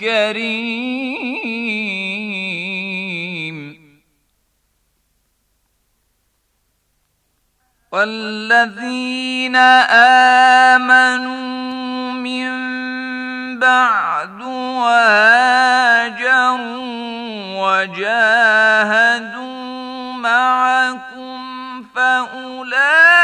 كريم والذين امنوا من بعد وهاجروا وجاهدوا معكم فاولئك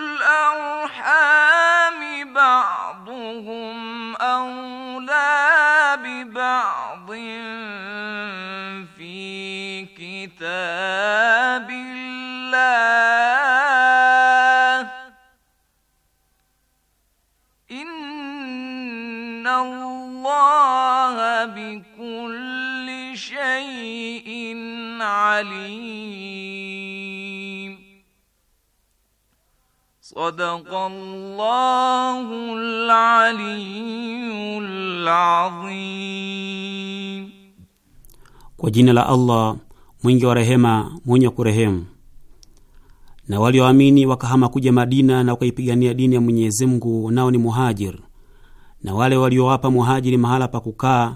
alim. Sadakallahu aliyyul azim. Kwa jina la Allah mwingi wa rehema mwenye kurehemu. Na walioamini wa wakahama kuja Madina na wakaipigania dini ya Mwenyezi Mungu, nao ni muhajir, na wale waliowapa wa muhajiri mahala pa kukaa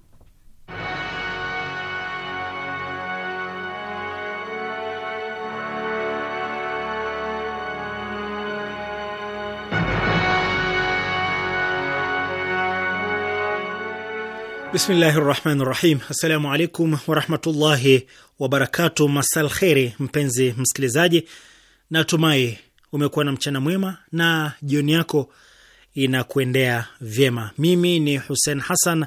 Bismillahi rahmani rahim. Assalamu alaikum warahmatullahi wabarakatu. Masal kheri, mpenzi msikilizaji, natumai umekuwa na mchana mwema na jioni yako inakuendea vyema. Mimi ni Hussein Hassan,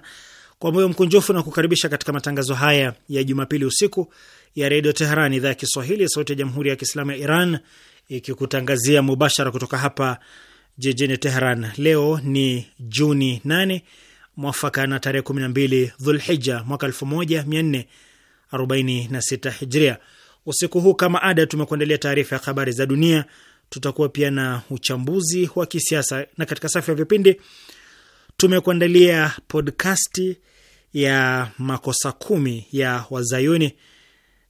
kwa moyo mkunjufu na kukaribisha katika matangazo haya ya Jumapili usiku ya Redio Teheran, idhaa ya Kiswahili, sauti ya Jamhuri ya Kiislamu ya Iran, ikikutangazia mubashara kutoka hapa jijini Teheran. Leo ni Juni 8 mwafaka na tarehe 12 Dhulhija mwaka 1446 Hijria. Usiku huu kama ada, tumekuandalia taarifa ya habari za dunia, tutakuwa pia na uchambuzi wa kisiasa, na katika safu ya vipindi tumekuandalia podkasti ya makosa kumi ya Wazayuni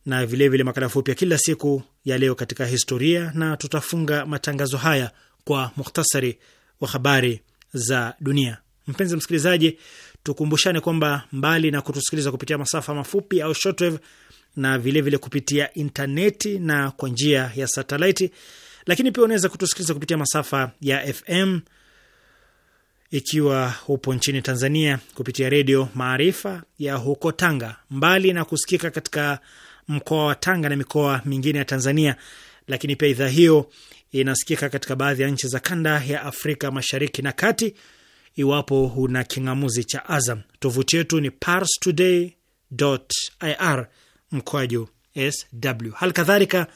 na vilevile vile makala fupi ya kila siku ya leo katika historia, na tutafunga matangazo haya kwa muhtasari wa habari za dunia. Mpenzi msikilizaji, tukumbushane kwamba mbali na kutusikiliza kupitia masafa mafupi au shortwave na vilevile vile kupitia intaneti na kwa njia ya satelaiti, lakini pia unaweza kutusikiliza kupitia masafa ya FM ikiwa upo nchini Tanzania kupitia Redio Maarifa ya huko Tanga, mbali na kusikika katika mkoa wa Tanga na mikoa mingine ya Tanzania, lakini pia idhaa hiyo inasikika katika baadhi ya nchi za kanda ya Afrika Mashariki na Kati iwapo una king'amuzi cha Azam. Tovuti yetu ni parstoday.ir mkwaju sw. Hali kadhalika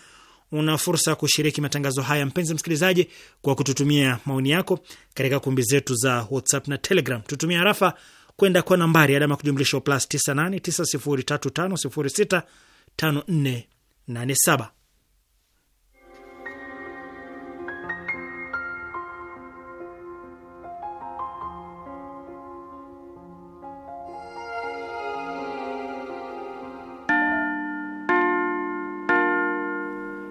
una fursa ya kushiriki matangazo haya, mpenzi msikilizaji, kwa kututumia maoni yako katika kumbi zetu za WhatsApp na Telegram. Tutumia harafa kwenda kwa nambari alama kujumlisha plus 98 9035065487.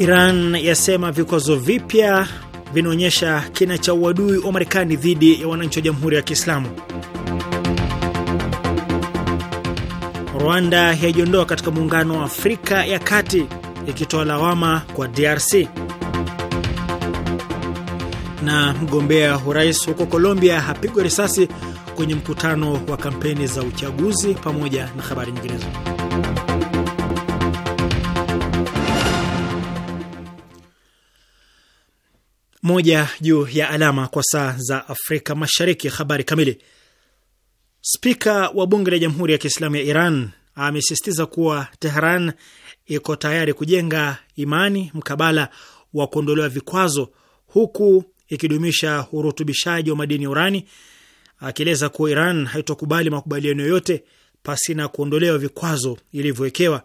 Iran yasema vikwazo vipya vinaonyesha kina cha uadui wa Marekani dhidi ya wananchi wa Jamhuri ya Kiislamu. Rwanda yajiondoa katika Muungano wa Afrika ya Kati ikitoa lawama kwa DRC. Na mgombea urais huko Colombia hapigwa risasi kwenye mkutano wa kampeni za uchaguzi, pamoja na habari nyinginezo. moja juu ya alama kwa saa za Afrika Mashariki. Habari kamili. Spika wa bunge la Jamhuri ya Kiislamu ya Iran amesisitiza kuwa Tehran iko tayari kujenga imani mkabala wa kuondolewa vikwazo, huku ikidumisha urutubishaji wa madini ya urani, akieleza kuwa Iran haitokubali makubaliano yoyote pasina kuondolewa vikwazo ilivyowekewa.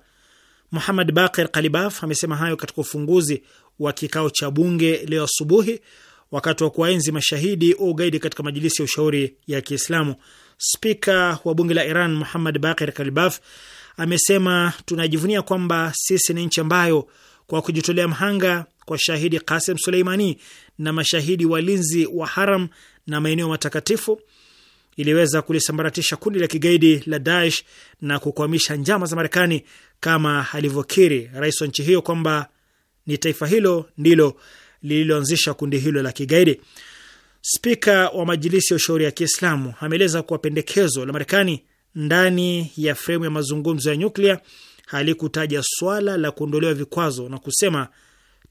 Muhamad Bakir Kalibaf amesema hayo katika ufunguzi wa kikao cha bunge leo asubuhi wakati wa kuwaenzi mashahidi wa ugaidi katika majilisi ya ushauri ya Kiislamu. Spika wa bunge la Iran Muhammad Bakir Kalbaf amesema tunajivunia kwamba sisi ni nchi ambayo kwa kujitolea mhanga kwa shahidi Qasim Suleimani na mashahidi walinzi wa haram na maeneo matakatifu iliweza kulisambaratisha kundi la kigaidi la Daesh na kukwamisha njama za Marekani, kama alivyokiri rais wa nchi hiyo kwamba ni taifa hilo ndilo lililoanzisha kundi hilo la kigaidi. Spika wa Majilisi ya Ushauri ya Kiislamu ameeleza kuwa pendekezo la Marekani ndani ya fremu ya mazungumzo ya nyuklia halikutaja swala la kuondolewa vikwazo na kusema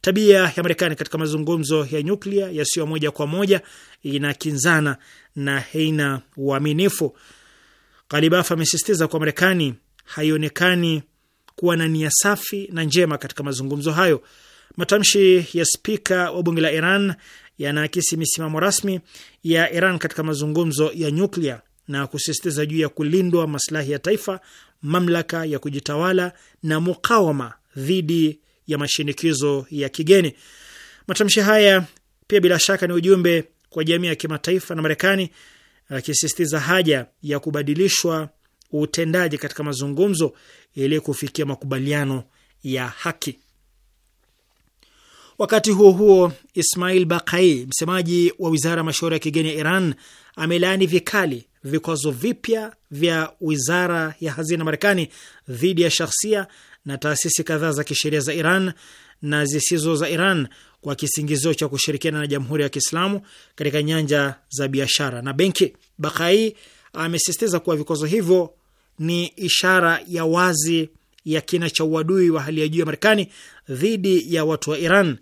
tabia ya Marekani katika mazungumzo ya nyuklia yasiyo moja kwa moja inakinzana na haina uaminifu. Ghalibaf amesisitiza kuwa Marekani haionekani kuwa na nia safi na njema katika mazungumzo hayo. Matamshi ya spika wa bunge la Iran yanaakisi misimamo rasmi ya Iran katika mazungumzo ya nyuklia na kusisitiza juu ya kulindwa maslahi ya taifa, mamlaka ya kujitawala na mukawama dhidi ya mashinikizo ya kigeni. Matamshi haya pia bila shaka ni ujumbe kwa jamii ya kimataifa na Marekani, akisisitiza haja ya kubadilishwa utendaji katika mazungumzo ili kufikia makubaliano ya haki. Wakati huo huo, Ismail Bakai, msemaji wa wizara ya mashauri ya kigeni ya Iran, amelaani vikali vikwazo vipya vya wizara ya hazina Marekani dhidi ya shahsia na taasisi kadhaa za kisheria za Iran na zisizo za Iran kwa kisingizio cha kushirikiana na Jamhuri ya Kiislamu katika nyanja za biashara na benki. Bakai amesisitiza kuwa vikwazo hivyo ni ishara ya wazi ya kina cha uadui wa hali ya juu ya Marekani dhidi ya watu wa Iran.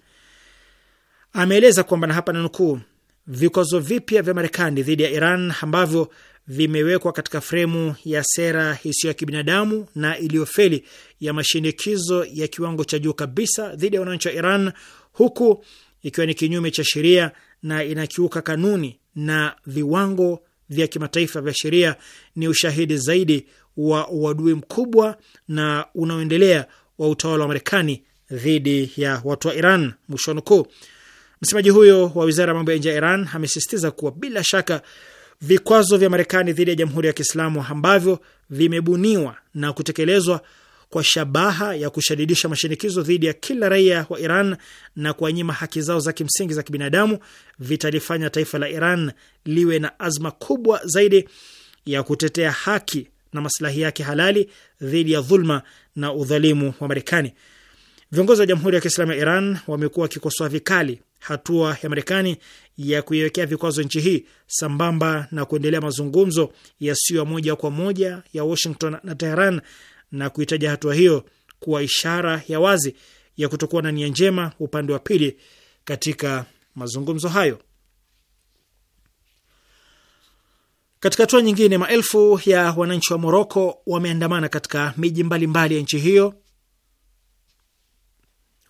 Ameeleza kwamba na hapa nanukuu, vikwazo vipya vya Marekani dhidi ya Iran ambavyo vimewekwa katika fremu ya sera isiyo ya kibinadamu na iliyofeli ya mashinikizo ya kiwango cha juu kabisa dhidi ya wananchi wa Iran, huku ikiwa ni kinyume cha sheria na inakiuka kanuni na viwango vya kimataifa vya sheria, ni ushahidi zaidi wa uadui mkubwa na unaoendelea wa utawala wa Marekani dhidi ya watu wa Iran, mwisho wa nukuu. Msemaji huyo wa wizara ya mambo ya nje ya Iran amesisitiza kuwa bila shaka vikwazo vya Marekani dhidi ya Jamhuri ya Kiislamu ambavyo vimebuniwa na kutekelezwa kwa shabaha ya kushadidisha mashinikizo dhidi ya kila raia wa Iran na kuwanyima haki zao za kimsingi za kibinadamu vitalifanya taifa la Iran liwe na azma kubwa zaidi ya kutetea haki na maslahi yake halali dhidi ya dhulma na udhalimu wa Marekani. Viongozi wa Jamhuri ya Kiislamu ya Iran wamekuwa wakikosoa vikali hatua ya Marekani ya kuiwekea vikwazo nchi hii sambamba na kuendelea mazungumzo yasiyo ya moja kwa moja ya Washington na Teheran na kuitaja hatua hiyo kuwa ishara ya wazi ya kutokuwa na nia njema upande wa pili katika mazungumzo hayo. Katika hatua nyingine, maelfu ya wananchi wa Moroko wameandamana katika miji mbalimbali ya nchi hiyo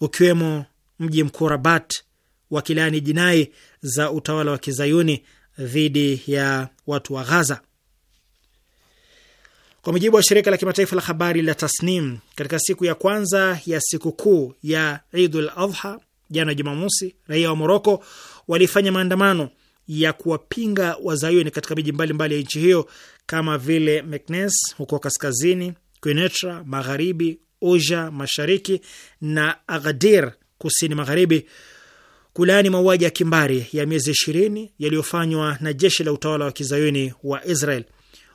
ukiwemo mji mkuu Rabat, wakilaani jinai za utawala wa kizayuni dhidi ya watu wa Ghaza. Kwa mujibu wa shirika la kimataifa la habari la Tasnim, katika siku ya kwanza ya sikukuu ya Idul Adha jana Jumamosi, raia wa Moroko walifanya maandamano ya kuwapinga wazayuni katika miji mbalimbali ya nchi hiyo kama vile Meknes huko kaskazini, Quneitra magharibi, Oja mashariki na Agadir kusini magharibi, kulaani mauaji ya kimbari ya miezi ishirini yaliyofanywa na jeshi la utawala wa kizayuni wa Israel.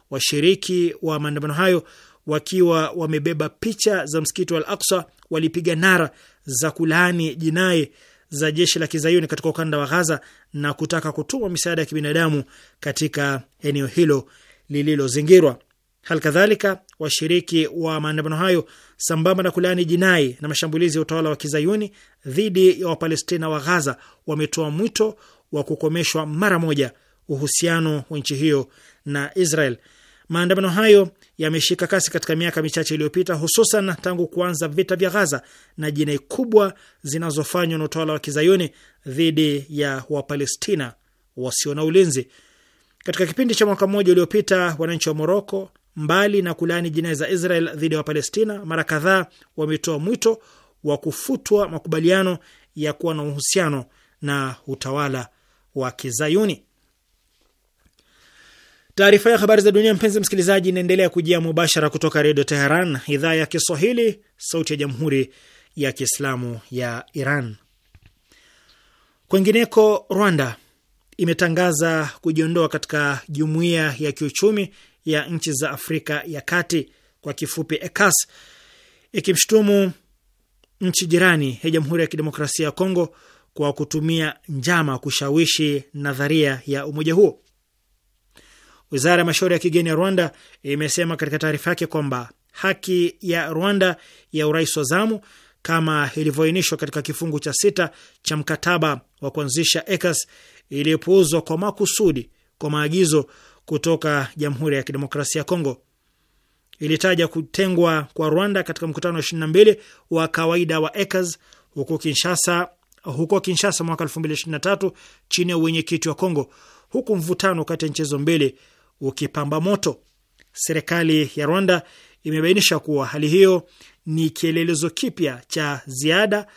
Washiriki wa maandamano hayo wakiwa wamebeba picha za msikiti wa Al Aksa walipiga nara za kulaani jinai za jeshi la kizayuni katika ukanda wa Ghaza na kutaka kutumwa misaada ya kibinadamu katika eneo hilo lililozingirwa. Hali kadhalika washiriki wa, wa maandamano hayo sambamba na kulaani jinai na mashambulizi ya utawala wa kizayuni dhidi ya Wapalestina wa Ghaza wametoa mwito wa kukomeshwa mara moja uhusiano wa nchi hiyo na Israel. Maandamano hayo yameshika kasi katika miaka michache iliyopita, hususan tangu kuanza vita vya Ghaza na jinai kubwa zinazofanywa na utawala wa kizayuni dhidi ya Wapalestina wasio na ulinzi. Katika kipindi cha mwaka mmoja uliopita, wananchi wa Moroko, mbali na kulaani jinai za Israel dhidi ya Wapalestina, mara kadhaa wametoa mwito wa kufutwa makubaliano ya kuwa na uhusiano na utawala wa kizayuni. Taarifa ya habari za dunia, mpenzi msikilizaji, inaendelea kujia mubashara kutoka Redio Teheran, idhaa ya Kiswahili, sauti ya Jamhuri ya Kiislamu ya Iran. Kwengineko, Rwanda imetangaza kujiondoa katika Jumuiya ya Kiuchumi ya Nchi za Afrika ya Kati, kwa kifupi ECAS, ikimshutumu nchi jirani ya Jamhuri ya Kidemokrasia ya Kongo kwa kutumia njama kushawishi nadharia ya umoja huo. Wizara ya mashauri ya kigeni ya Rwanda imesema katika taarifa yake kwamba haki ya Rwanda ya urais wa zamu kama ilivyoainishwa katika kifungu cha sita cha mkataba wa kuanzisha ECAS iliyopuuzwa kwa makusudi kwa maagizo kutoka Jamhuri ya Kidemokrasia ya Kongo. Ilitaja kutengwa kwa Rwanda katika mkutano wa 22 wa kawaida wa ECAS huko Kinshasa, huko Kinshasa mwaka tatu chini ya uwenyekiti wa Kongo, huku mvutano kati ya nchi hizo mbili ukipamba moto. Serikali ya Rwanda imebainisha kuwa hali hiyo ni kielelezo kipya cha ziada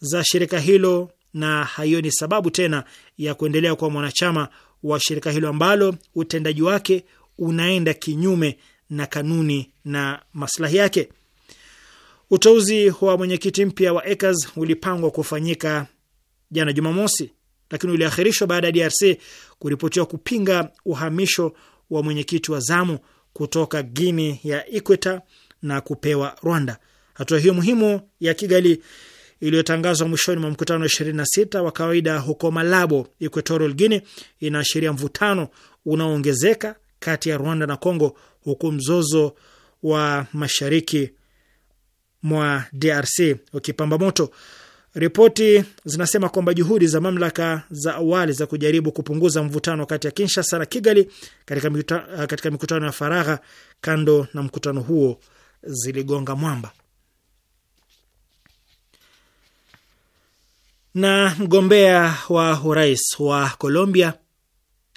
za shirika hilo na ni sababu tena ya kuendelea kuwa mwanachama wa shirika hilo ambalo utendaji wake unaenda kinyume na kanuni na maslahi yake. Uteuzi wa mwenyekiti mpya wa ECAS ulipangwa kufanyika jana Jumamosi, lakini uliahirishwa baada ya DRC kuripotiwa kupinga uhamisho wa mwenyekiti wa zamu kutoka Guini ya Equator na kupewa Rwanda. Hatua hiyo muhimu ya Kigali iliyotangazwa mwishoni mwa mkutano wa sita wa kawaida huko Malabo, Equatorial Guinea, inaashiria mvutano unaoongezeka kati ya Rwanda na Congo, huku mzozo wa mashariki mwa DRC ukipamba moto. Ripoti zinasema kwamba juhudi za mamlaka za awali za kujaribu kupunguza mvutano kati ya Kinshasa na Kigali katika mikutano, katika mikutano ya faragha kando na mkutano huo ziligonga mwamba. Na mgombea wa urais wa Colombia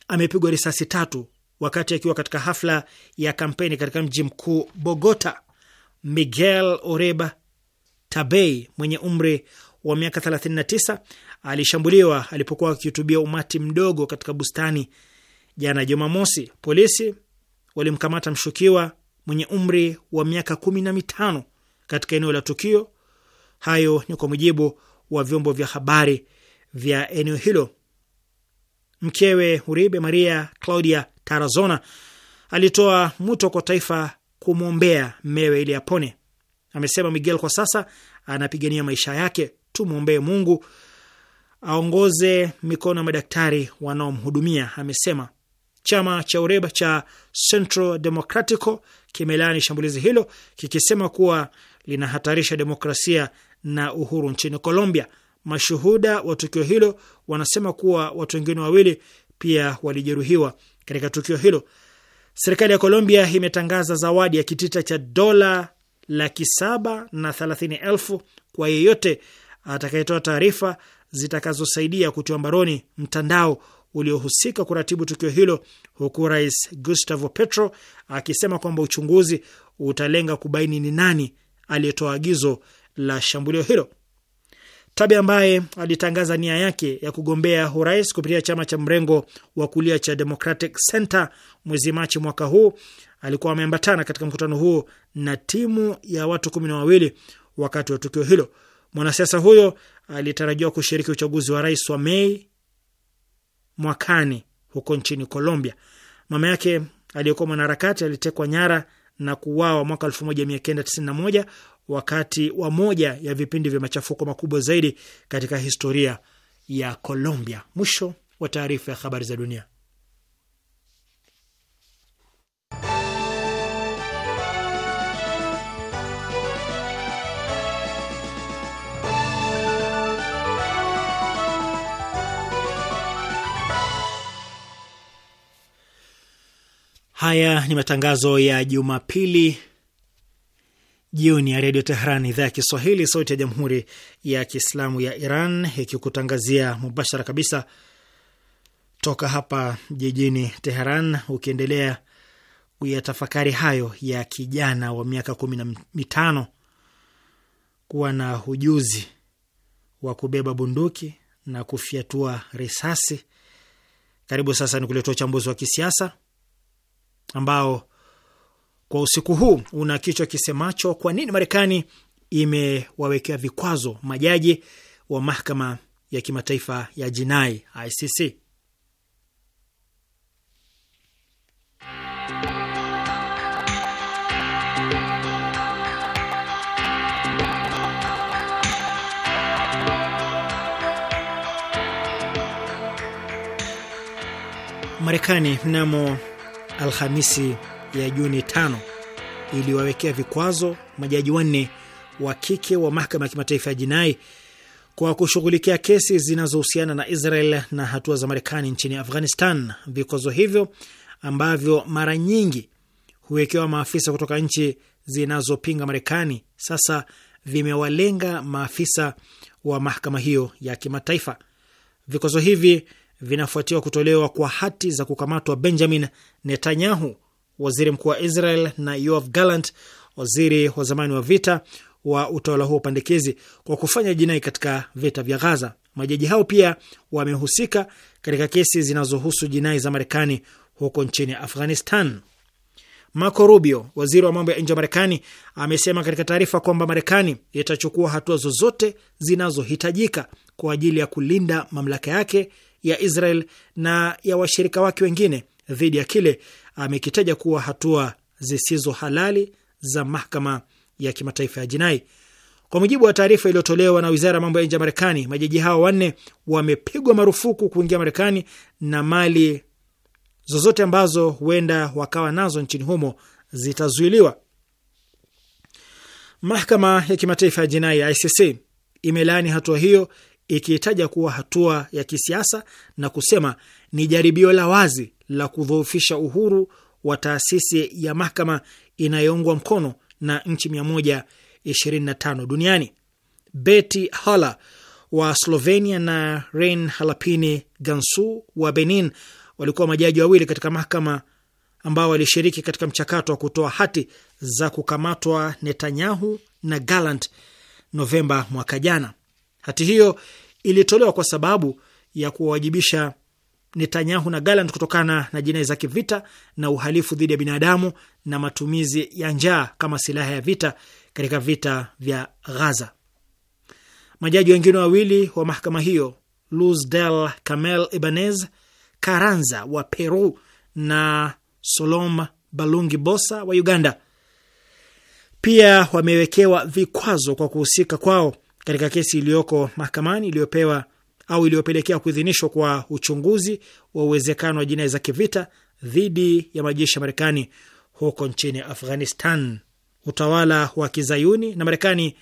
amepigwa risasi tatu wakati akiwa katika hafla ya kampeni katika mji mkuu Bogota. Miguel Oreba Tabei mwenye umri wa miaka 39 alishambuliwa alipokuwa akihutubia umati mdogo katika bustani jana Jumamosi. Polisi walimkamata mshukiwa mwenye umri wa miaka kumi na mitano katika eneo la tukio. Hayo ni kwa mujibu wa vyombo vya habari vya eneo hilo. Mkewe Uribe, Maria Claudia Tarazona, alitoa mwito kwa taifa kumwombea mmewe ili apone. Amesema Miguel kwa sasa anapigania maisha yake. Tumwombee Mungu aongoze mikono ya madaktari wanaomhudumia, amesema. Chama cha Ureba cha Central Democratico kimelaani shambulizi hilo kikisema kuwa linahatarisha demokrasia na uhuru nchini Colombia. Mashuhuda wa tukio hilo wanasema kuwa watu wengine wawili pia walijeruhiwa katika tukio hilo. Serikali ya Colombia imetangaza zawadi ya kitita cha dola laki saba na thelathini elfu kwa yeyote atakayetoa taarifa zitakazosaidia kutiwa mbaroni mtandao uliohusika kuratibu tukio hilo, huku Rais Gustavo Petro akisema kwamba uchunguzi utalenga kubaini ni nani aliyetoa agizo la shambulio hilo. Tabe ambaye alitangaza nia yake ya kugombea urais kupitia chama cha mrengo wa kulia cha Democratic Center mwezi Machi mwaka huu alikuwa ameambatana katika mkutano huo na timu ya watu kumi na wawili wakati wa tukio hilo. Mwanasiasa huyo alitarajiwa kushiriki uchaguzi wa rais wa Mei mwakani huko nchini Colombia. Mama yake aliyekuwa mwanaharakati alitekwa nyara na kuuawa mwaka 1991 wakati wa moja ya vipindi vya machafuko makubwa zaidi katika historia ya Colombia. Mwisho wa taarifa ya habari za dunia. Haya ni matangazo ya Jumapili jioni ya redio Tehran, idhaa ya Kiswahili, sauti ya jamhuri ya kiislamu ya Iran, ikikutangazia mubashara kabisa toka hapa jijini Teheran, ukiendelea tafakari hayo ya kijana wa miaka kumi na mitano kuwa na ujuzi wa kubeba bunduki na kufyatua risasi. Karibu sasa ni kuletea uchambuzi wa kisiasa ambao kwa usiku huu una kichwa kisemacho kwa nini Marekani imewawekea vikwazo majaji wa mahakama ya kimataifa ya jinai ICC. Marekani mnamo Alhamisi ya Juni tano iliwawekea vikwazo majaji wanne wa kike wa mahakama ya kimataifa ya jinai kwa kushughulikia kesi zinazohusiana na Israel na hatua za Marekani nchini Afghanistan. Vikwazo hivyo ambavyo mara nyingi huwekewa maafisa kutoka nchi zinazopinga Marekani sasa vimewalenga maafisa wa mahakama hiyo ya kimataifa. Vikwazo hivi vinafuatiwa kutolewa kwa hati za kukamatwa Benjamin Netanyahu, waziri mkuu wa Israel, na Yoav Gallant, waziri wa zamani wa vita wa utawala huo pandikizi, kwa kufanya jinai katika vita vya Gaza. Majaji hao pia wamehusika katika kesi zinazohusu jinai za Marekani huko nchini Afghanistan. Marco Rubio, waziri wa mambo ya nje wa Marekani, amesema katika taarifa kwamba Marekani itachukua hatua zozote zinazohitajika kwa ajili ya kulinda mamlaka yake ya Israel na ya washirika wake wengine dhidi ya kile amekitaja kuwa hatua zisizo halali za mahakama ya kimataifa ya jinai. Kwa mujibu wa taarifa iliyotolewa na wizara ya mambo ya nje ya Marekani, majaji hao wanne wamepigwa marufuku kuingia Marekani na mali zozote ambazo huenda wakawa nazo nchini humo zitazuiliwa. Mahakama ya kimataifa ya jinai ya ICC imelaani hatua hiyo ikiitaja kuwa hatua ya kisiasa na kusema ni jaribio la wazi la kudhoofisha uhuru wa taasisi ya mahakama inayoungwa mkono na nchi 125 duniani. Beti Hala wa Slovenia na Rein Halapini Gansu wa Benin walikuwa majaji wawili katika mahakama ambao walishiriki katika mchakato wa kutoa hati za kukamatwa Netanyahu na Gallant Novemba mwaka jana. Hati hiyo ilitolewa kwa sababu ya kuwawajibisha Netanyahu na gallant kutokana na jinai za kivita na uhalifu dhidi ya binadamu na matumizi ya njaa kama silaha ya vita katika vita vya Ghaza. Majaji wengine wawili wa mahakama hiyo Luz del Camel Ibanez Karanza wa Peru na Solom Balungi Bosa wa Uganda pia wamewekewa vikwazo kwa kuhusika kwao katika kesi iliyoko mahakamani iliyopewa au iliyopelekea kuidhinishwa kwa uchunguzi wa uwezekano wa jinai za kivita dhidi ya majeshi ya Marekani huko nchini Afghanistan. Utawala wa kizayuni na Marekani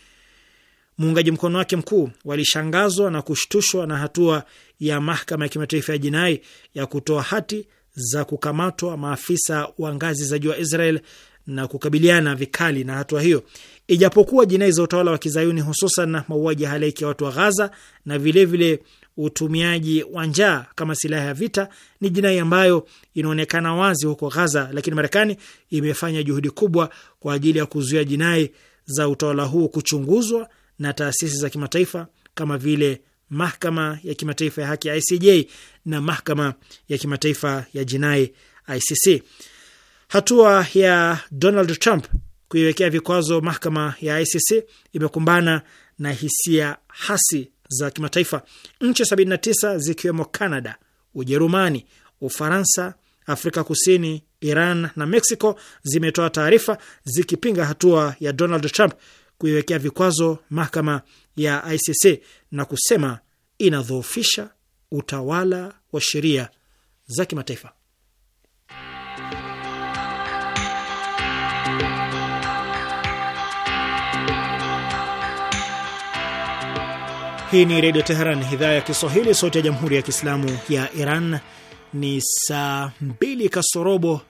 muungaji mkono wake mkuu walishangazwa na kushtushwa na hatua ya mahakama ya kimataifa ya jinai ya kutoa hati za kukamatwa maafisa wa ngazi za juu wa Israel na kukabiliana vikali na hatua hiyo. Ijapokuwa jinai za utawala wa kizayuni hususan na mauaji ya halaiki ya watu wa Ghaza na vilevile vile utumiaji wa njaa kama silaha ya vita ni jinai ambayo inaonekana wazi huko Ghaza, lakini Marekani imefanya juhudi kubwa kwa ajili ya kuzuia jinai za utawala huo kuchunguzwa na taasisi za kimataifa kama vile mahakama ya kimataifa ya haki ya ICJ na mahakama ya kimataifa ya jinai ICC. Hatua ya Donald Trump kuiwekea vikwazo mahakama ya ICC imekumbana na hisia hasi za kimataifa. Nchi 79 zikiwemo Canada, Ujerumani, Ufaransa, Afrika Kusini, Iran na Mexico zimetoa taarifa zikipinga hatua ya Donald Trump kuiwekea vikwazo mahakama ya ICC na kusema inadhoofisha utawala wa sheria za kimataifa. Hii ni Redio Teheran, idhaa ya Kiswahili, sauti ya Jamhuri ya Kiislamu ya Iran. Ni saa mbili kasorobo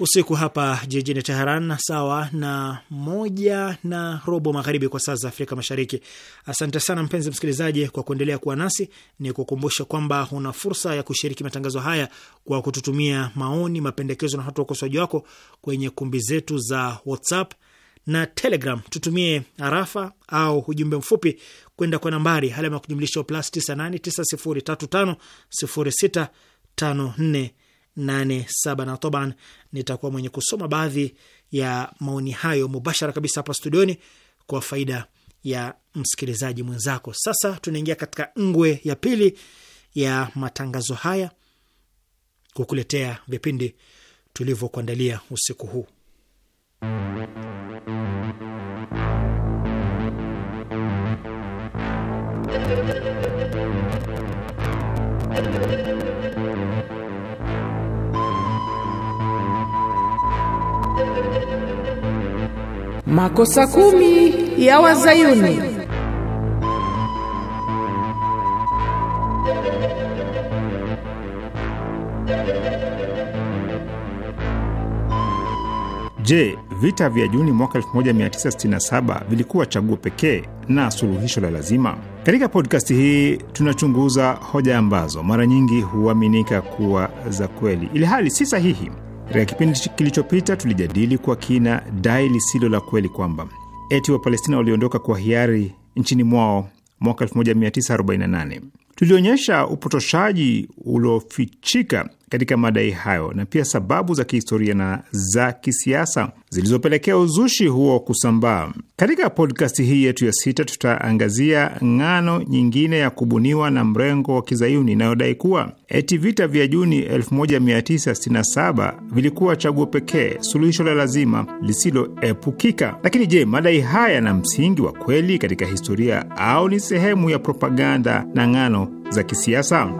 usiku hapa jijini Teheran, sawa na moja na robo magharibi kwa saa za Afrika Mashariki. Asante sana mpenzi msikilizaji kwa kuendelea kuwa nasi. Ni kukumbusha kwamba una fursa ya kushiriki matangazo haya kwa kututumia maoni, mapendekezo na hata ukosoaji wako kwenye kumbi zetu za WhatsApp na Telegram, tutumie arafa au ujumbe mfupi kwenda kwa nambari halama ya kujumlisha plus 989035065487 na toban, nitakuwa mwenye kusoma baadhi ya maoni hayo mubashara kabisa hapa studioni kwa faida ya msikilizaji mwenzako. Sasa tunaingia katika ngwe ya pili ya matangazo haya kukuletea vipindi tulivyokuandalia usiku huu. Makosa kumi ya Wazayuni. Je, vita vya Juni mwaka 1967 vilikuwa chaguo pekee na suluhisho la lazima? Katika podkasti hii tunachunguza hoja ambazo mara nyingi huaminika kuwa za kweli, ili hali si sahihi katika kipindi kilichopita tulijadili kwa kina dai lisilo la kweli kwamba eti Wapalestina waliondoka kwa hiari nchini mwao mwaka 1948. Tulionyesha upotoshaji uliofichika katika madai hayo na pia sababu za kihistoria na za kisiasa zilizopelekea uzushi huo kusambaa. Katika podkasti hii yetu ya sita, tutaangazia ngano nyingine ya kubuniwa na mrengo wa kizayuni inayodai kuwa eti vita vya Juni 1967 vilikuwa chaguo pekee, suluhisho la lazima lisiloepukika. Lakini je, madai haya yana msingi wa kweli katika historia au ni sehemu ya propaganda na ngano za kisiasa?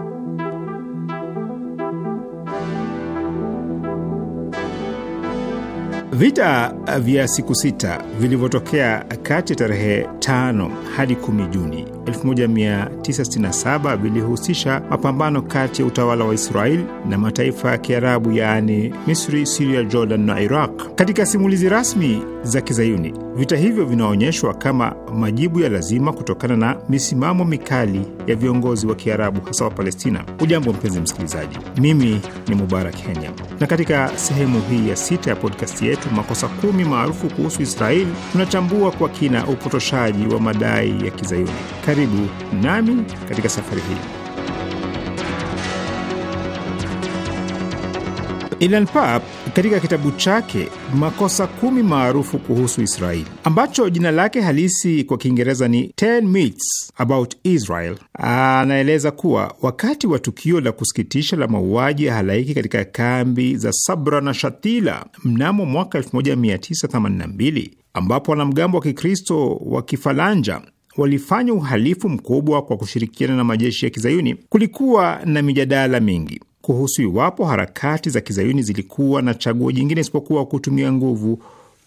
Vita vya siku sita vilivyotokea kati ya tarehe 5 hadi kumi Juni 1967 vilihusisha mapambano kati ya utawala wa Israel na mataifa ya Kiarabu yaani Misri, Siria, Jordan na Iraq. Katika simulizi rasmi za Kizayuni, vita hivyo vinaonyeshwa kama majibu ya lazima kutokana na misimamo mikali ya viongozi wa Kiarabu, hasa wa Palestina. Ujambo mpenzi msikilizaji, mimi ni Mubarak Kenya, na katika sehemu hii ya sita ya podkasti yetu makosa kumi maarufu kuhusu Israeli tunachambua kwa kina upotoshaji wa madai ya Kizayuni. Karibu nami katika safari hii. Ilan Pap katika kitabu chake makosa kumi maarufu kuhusu Israeli ambacho jina lake halisi kwa Kiingereza ni 10 Myths About Israel anaeleza kuwa wakati wa tukio la kusikitisha la mauaji ya halaiki katika kambi za Sabra na Shatila mnamo mwaka 1982 ambapo wanamgambo wa Kikristo wa Kifalanja walifanya uhalifu mkubwa kwa kushirikiana na majeshi ya Kizayuni. Kulikuwa na mijadala mingi kuhusu iwapo harakati za Kizayuni zilikuwa na chaguo jingine isipokuwa kutumia nguvu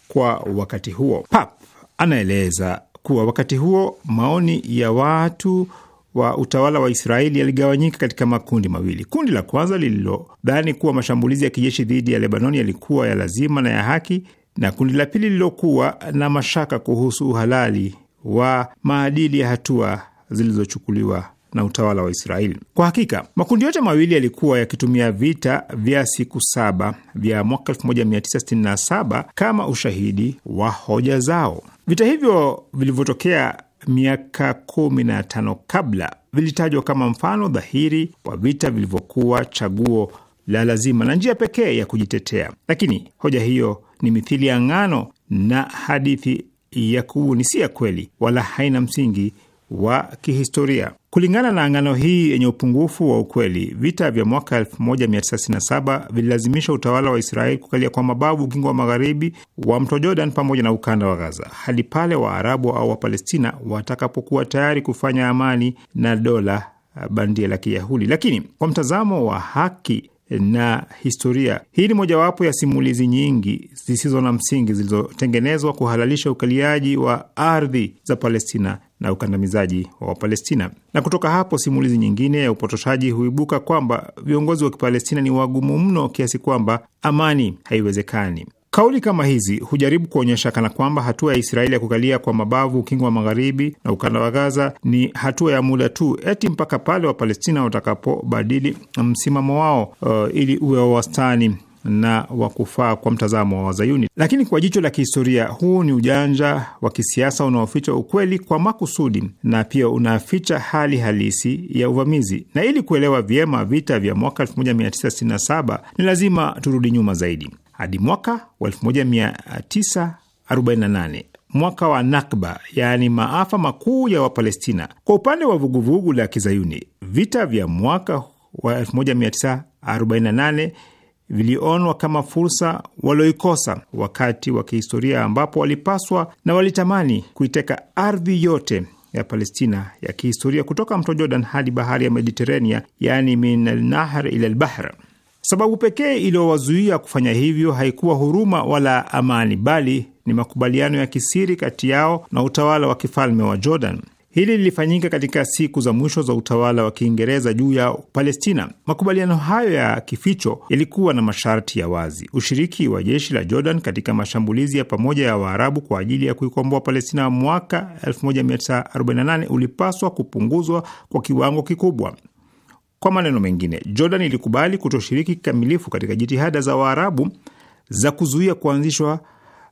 kwa wakati huo. Pap anaeleza kuwa wakati huo maoni ya watu wa utawala wa Israeli yaligawanyika katika makundi mawili. Kundi la kwanza lililodhani kuwa mashambulizi ya kijeshi dhidi ya Lebanoni yalikuwa ya lazima na ya haki, na kundi la pili lililokuwa na mashaka kuhusu uhalali wa maadili ya hatua zilizochukuliwa na utawala wa Israeli. Kwa hakika makundi yote mawili yalikuwa yakitumia vita vya siku saba vya mwaka 1967 kama ushahidi wa hoja zao. Vita hivyo vilivyotokea miaka kumi na tano kabla vilitajwa kama mfano dhahiri wa vita vilivyokuwa chaguo la lazima na njia pekee ya kujitetea, lakini hoja hiyo ni mithili ya ngano na hadithi ya kubuni si ya kweli wala haina msingi wa kihistoria. Kulingana na angano hii yenye upungufu wa ukweli, vita vya mwaka 1967 vililazimisha utawala wa Israeli kukalia kwa mabavu ukingo wa magharibi wa mto Jordan pamoja na ukanda wa Gaza hadi pale Waarabu au Wapalestina watakapokuwa tayari kufanya amani na dola bandia la Kiyahudi. Lakini kwa mtazamo wa haki na historia. Hii ni mojawapo ya simulizi nyingi zisizo na msingi zilizotengenezwa kuhalalisha ukaliaji wa ardhi za Palestina na ukandamizaji wa Wapalestina. Na kutoka hapo simulizi nyingine ya upotoshaji huibuka kwamba viongozi wa Kipalestina ni wagumu mno kiasi kwamba amani haiwezekani. Kauli kama hizi hujaribu kuonyesha kana kwamba hatua ya Israeli ya kukalia kwa mabavu ukingo wa magharibi na ukanda wa Gaza ni hatua ya muda tu, eti mpaka pale Wapalestina watakapobadili msimamo wao uh, ili uwe wa wastani na wa kufaa kwa mtazamo wa Wazayuni. Lakini kwa jicho la kihistoria, huu ni ujanja wa kisiasa unaoficha ukweli kwa makusudi na pia unaficha hali halisi ya uvamizi. Na ili kuelewa vyema vita vya mwaka 1967 ni lazima turudi nyuma zaidi hadi mwaka wa 1948 mwaka wa Nakba, yaani maafa makuu ya Wapalestina. Kwa upande wa vuguvugu la Kizayuni, vita vya mwaka wa 1948 vilionwa kama fursa walioikosa wakati wa kihistoria ambapo walipaswa na walitamani kuiteka ardhi yote ya Palestina ya kihistoria kutoka mto Jordan hadi bahari ya Mediterania, yani min alnahr ila lbahr. Sababu pekee iliyowazuia kufanya hivyo haikuwa huruma wala amani, bali ni makubaliano ya kisiri kati yao na utawala wa kifalme wa Jordan. Hili lilifanyika katika siku za mwisho za utawala wa Kiingereza juu ya Palestina. Makubaliano hayo ya kificho yalikuwa na masharti ya wazi: ushiriki wa jeshi la Jordan katika mashambulizi ya pamoja ya Waarabu kwa ajili ya kuikomboa Palestina mwaka 1948 ulipaswa kupunguzwa kwa kiwango kikubwa. Kwa maneno mengine, Jordan ilikubali kutoshiriki kikamilifu katika jitihada za Waarabu za kuzuia kuanzishwa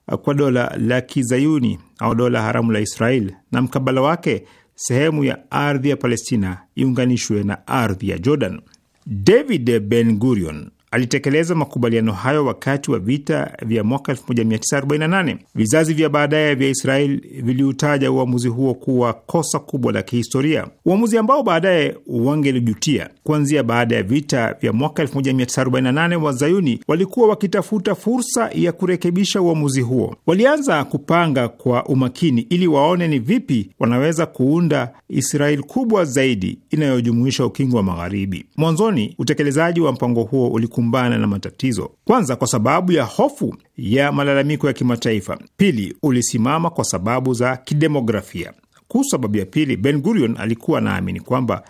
uh, kwa dola la kizayuni au dola haramu la Israel na mkabala wake sehemu ya ardhi ya Palestina iunganishwe na ardhi ya Jordan. David Ben Gurion alitekeleza makubaliano hayo wakati wa vita vya mwaka 1948. Vizazi vya baadaye vya Israel viliutaja uamuzi huo kuwa kosa kubwa la kihistoria, uamuzi ambao baadaye wangelijutia. Kuanzia baada ya vita vya mwaka 1948, wazayuni walikuwa wakitafuta fursa ya kurekebisha uamuzi huo. Walianza kupanga kwa umakini ili waone ni vipi wanaweza kuunda Israel kubwa zaidi inayojumuisha ukingo wa Magharibi. Mwanzoni utekelezaji wa mpango huo ulikuwa kukumbana na matatizo. Kwanza, kwa sababu ya hofu ya malalamiko ya kimataifa. Pili, ulisimama kwa sababu za kidemografia. Kuhusu sababu ya pili, Ben Gurion alikuwa anaamini kwamba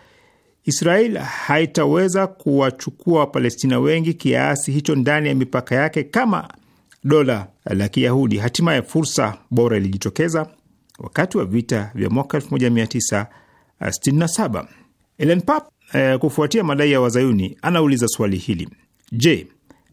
Israel haitaweza kuwachukua Wapalestina wengi kiasi hicho ndani ya mipaka yake kama dola la Kiyahudi. Hatimaye fursa bora ilijitokeza wakati wa vita vya mwaka 1967. Ellen Papp, eh, kufuatia madai ya Wazayuni, anauliza swali hili: Je,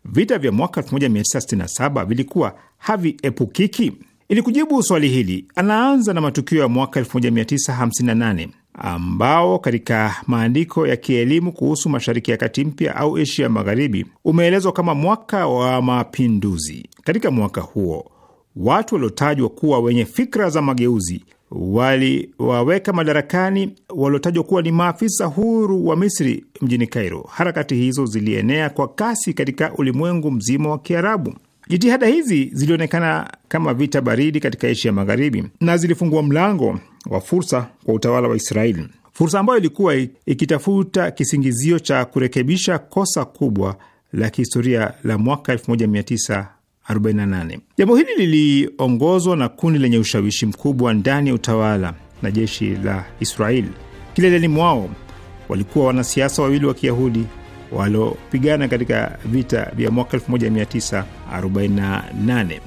vita vya mwaka 1967 vilikuwa haviepukiki? Ili kujibu swali hili, anaanza na matukio ya mwaka 1958 ambao katika maandiko ya kielimu kuhusu Mashariki ya Kati mpya au Asia Magharibi umeelezwa kama mwaka wa mapinduzi. Katika mwaka huo watu waliotajwa kuwa wenye fikra za mageuzi waliwaweka madarakani waliotajwa kuwa ni maafisa huru wa Misri mjini Kairo. Harakati hizo zilienea kwa kasi katika ulimwengu mzima wa Kiarabu. Jitihada hizi zilionekana kama vita baridi katika Asia ya Magharibi na zilifungua mlango wa fursa kwa utawala wa Israeli, fursa ambayo ilikuwa ikitafuta kisingizio cha kurekebisha kosa kubwa la kihistoria la mwaka 48. Jambo hili liliongozwa na kundi lenye ushawishi mkubwa ndani ya utawala na jeshi la Israeli. Kileleni mwao walikuwa wanasiasa wawili wa Kiyahudi walopigana katika vita vya mwaka 1948.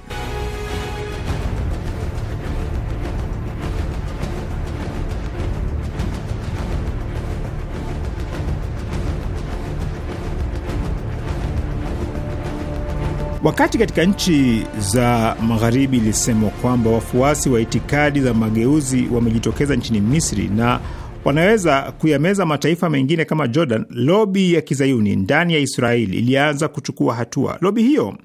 Wakati katika nchi za magharibi ilisemwa kwamba wafuasi wa itikadi za mageuzi wamejitokeza nchini Misri na wanaweza kuyameza mataifa mengine kama Jordan, lobi ya kizayuni ndani ya Israeli ilianza kuchukua hatua. Lobi hiyo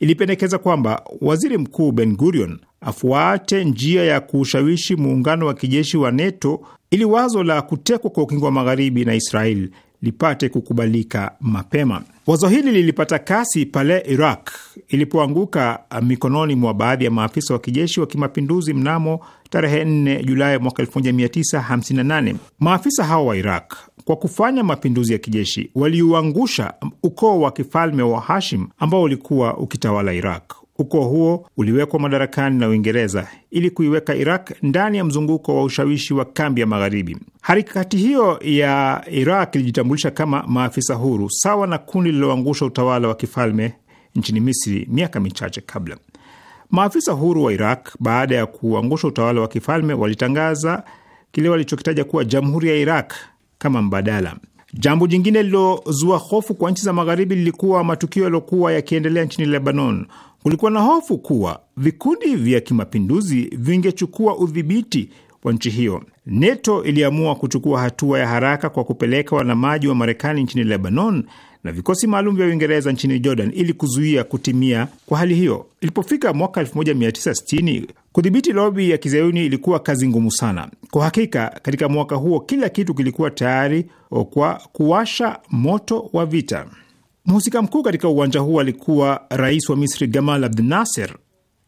ilipendekeza kwamba waziri mkuu Ben Gurion afuate njia ya kuushawishi muungano wa kijeshi wa NATO ili wazo la kutekwa kwa ukingo wa magharibi na Israeli lipate kukubalika mapema. Wazo hili lilipata kasi pale Iraq ilipoanguka mikononi mwa baadhi ya maafisa wa kijeshi wa kimapinduzi mnamo tarehe 4 Julai mwaka 1958. Maafisa hao wa Iraq kwa kufanya mapinduzi ya kijeshi waliuangusha ukoo wa kifalme wa Hashim ambao ulikuwa ukitawala Iraq. Ukoo huo uliwekwa madarakani na Uingereza ili kuiweka Iraq ndani ya mzunguko wa ushawishi wa kambi ya Magharibi. Harakati hiyo ya Iraq ilijitambulisha kama maafisa huru, sawa na kundi lililoangusha utawala wa kifalme nchini Misri miaka michache kabla. Maafisa huru wa Iraq, baada ya kuangusha utawala wa kifalme, walitangaza kile walichokitaja kuwa jamhuri ya Iraq kama mbadala. Jambo jingine lilozua hofu kwa nchi za Magharibi lilikuwa matukio yaliyokuwa yakiendelea nchini Lebanon. Kulikuwa na hofu kuwa vikundi vya kimapinduzi vingechukua udhibiti wa nchi hiyo. NATO iliamua kuchukua hatua ya haraka kwa kupeleka wanamaji wa Marekani nchini Lebanon na vikosi maalum vya Uingereza nchini Jordan ili kuzuia kutimia kwa hali hiyo. Ilipofika mwaka 1960 kudhibiti lobi ya kizayuni ilikuwa kazi ngumu sana. Kwa hakika, katika mwaka huo kila kitu kilikuwa tayari kwa kuwasha moto wa vita. Mhusika mkuu katika uwanja huu alikuwa rais wa Misri Gamal Abdel Nasser.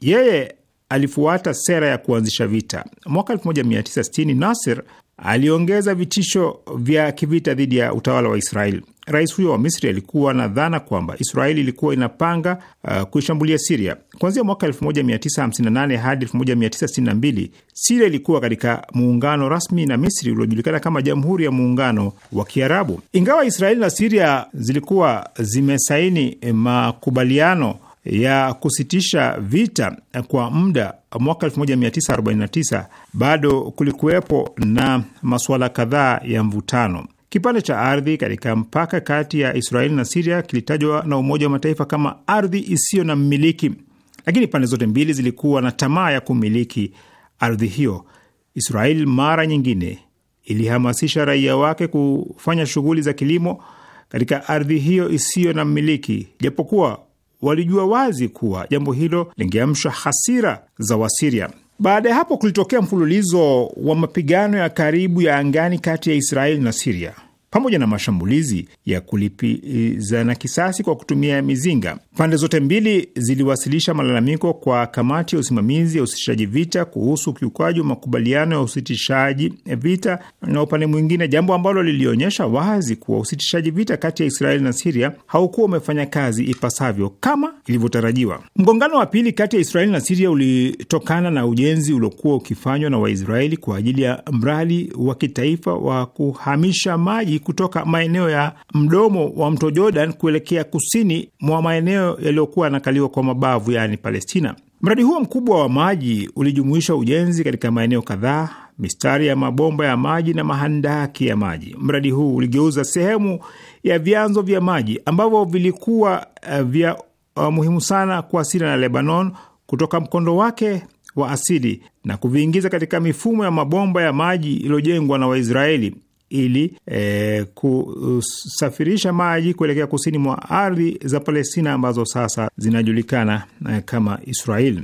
Yeye alifuata sera ya kuanzisha vita. Mwaka 1960 Nasser aliongeza vitisho vya kivita dhidi ya utawala wa israeli Rais huyo wa Misri alikuwa na dhana kwamba Israeli ilikuwa inapanga uh, kuishambulia Siria. Kuanzia mwaka 1958 hadi 1962 Siria ilikuwa katika muungano rasmi na Misri uliojulikana kama Jamhuri ya Muungano wa Kiarabu. Ingawa Israeli na Siria zilikuwa zimesaini eh, makubaliano ya kusitisha vita kwa muda mwaka 1949 bado kulikuwepo na masuala kadhaa ya mvutano. Kipande cha ardhi katika mpaka kati ya Israeli na Siria kilitajwa na Umoja wa Mataifa kama ardhi isiyo na mmiliki, lakini pande zote mbili zilikuwa na tamaa ya kumiliki ardhi hiyo. israel mara nyingine ilihamasisha raia wake kufanya shughuli za kilimo katika ardhi hiyo isiyo na mmiliki, japokuwa walijua wazi kuwa jambo hilo lingeamsha hasira za Wasiria. Baada ya hapo kulitokea mfululizo wa mapigano ya karibu ya angani kati ya Israeli na Siria pamoja na mashambulizi ya kulipizana kisasi kwa kutumia mizinga. Pande zote mbili ziliwasilisha malalamiko kwa kamati ya usimamizi ya usitishaji vita kuhusu ukiukaji wa makubaliano ya usitishaji vita na upande mwingine, jambo ambalo lilionyesha wazi kuwa usitishaji vita kati ya Israeli na Siria haukuwa umefanya kazi ipasavyo kama ilivyotarajiwa. Mgongano wa pili kati ya Israeli na Siria ulitokana na ujenzi uliokuwa ukifanywa na Waisraeli kwa ajili ya mradi wa kitaifa wa kuhamisha maji kutoka maeneo ya mdomo wa mto Jordan kuelekea kusini mwa maeneo yaliyokuwa yanakaliwa kwa mabavu, yaani Palestina. Mradi huo mkubwa wa maji ulijumuisha ujenzi katika maeneo kadhaa, mistari ya mabomba ya maji na mahandaki ya maji. Mradi huu uligeuza sehemu ya vyanzo vya maji ambavyo vilikuwa uh, vya uh, muhimu sana kwa Siria na Lebanon kutoka mkondo wake wa asili na kuviingiza katika mifumo ya mabomba ya maji iliyojengwa na Waisraeli ili e, kusafirisha maji kuelekea kusini mwa ardhi za Palestina ambazo sasa zinajulikana e, kama Israel.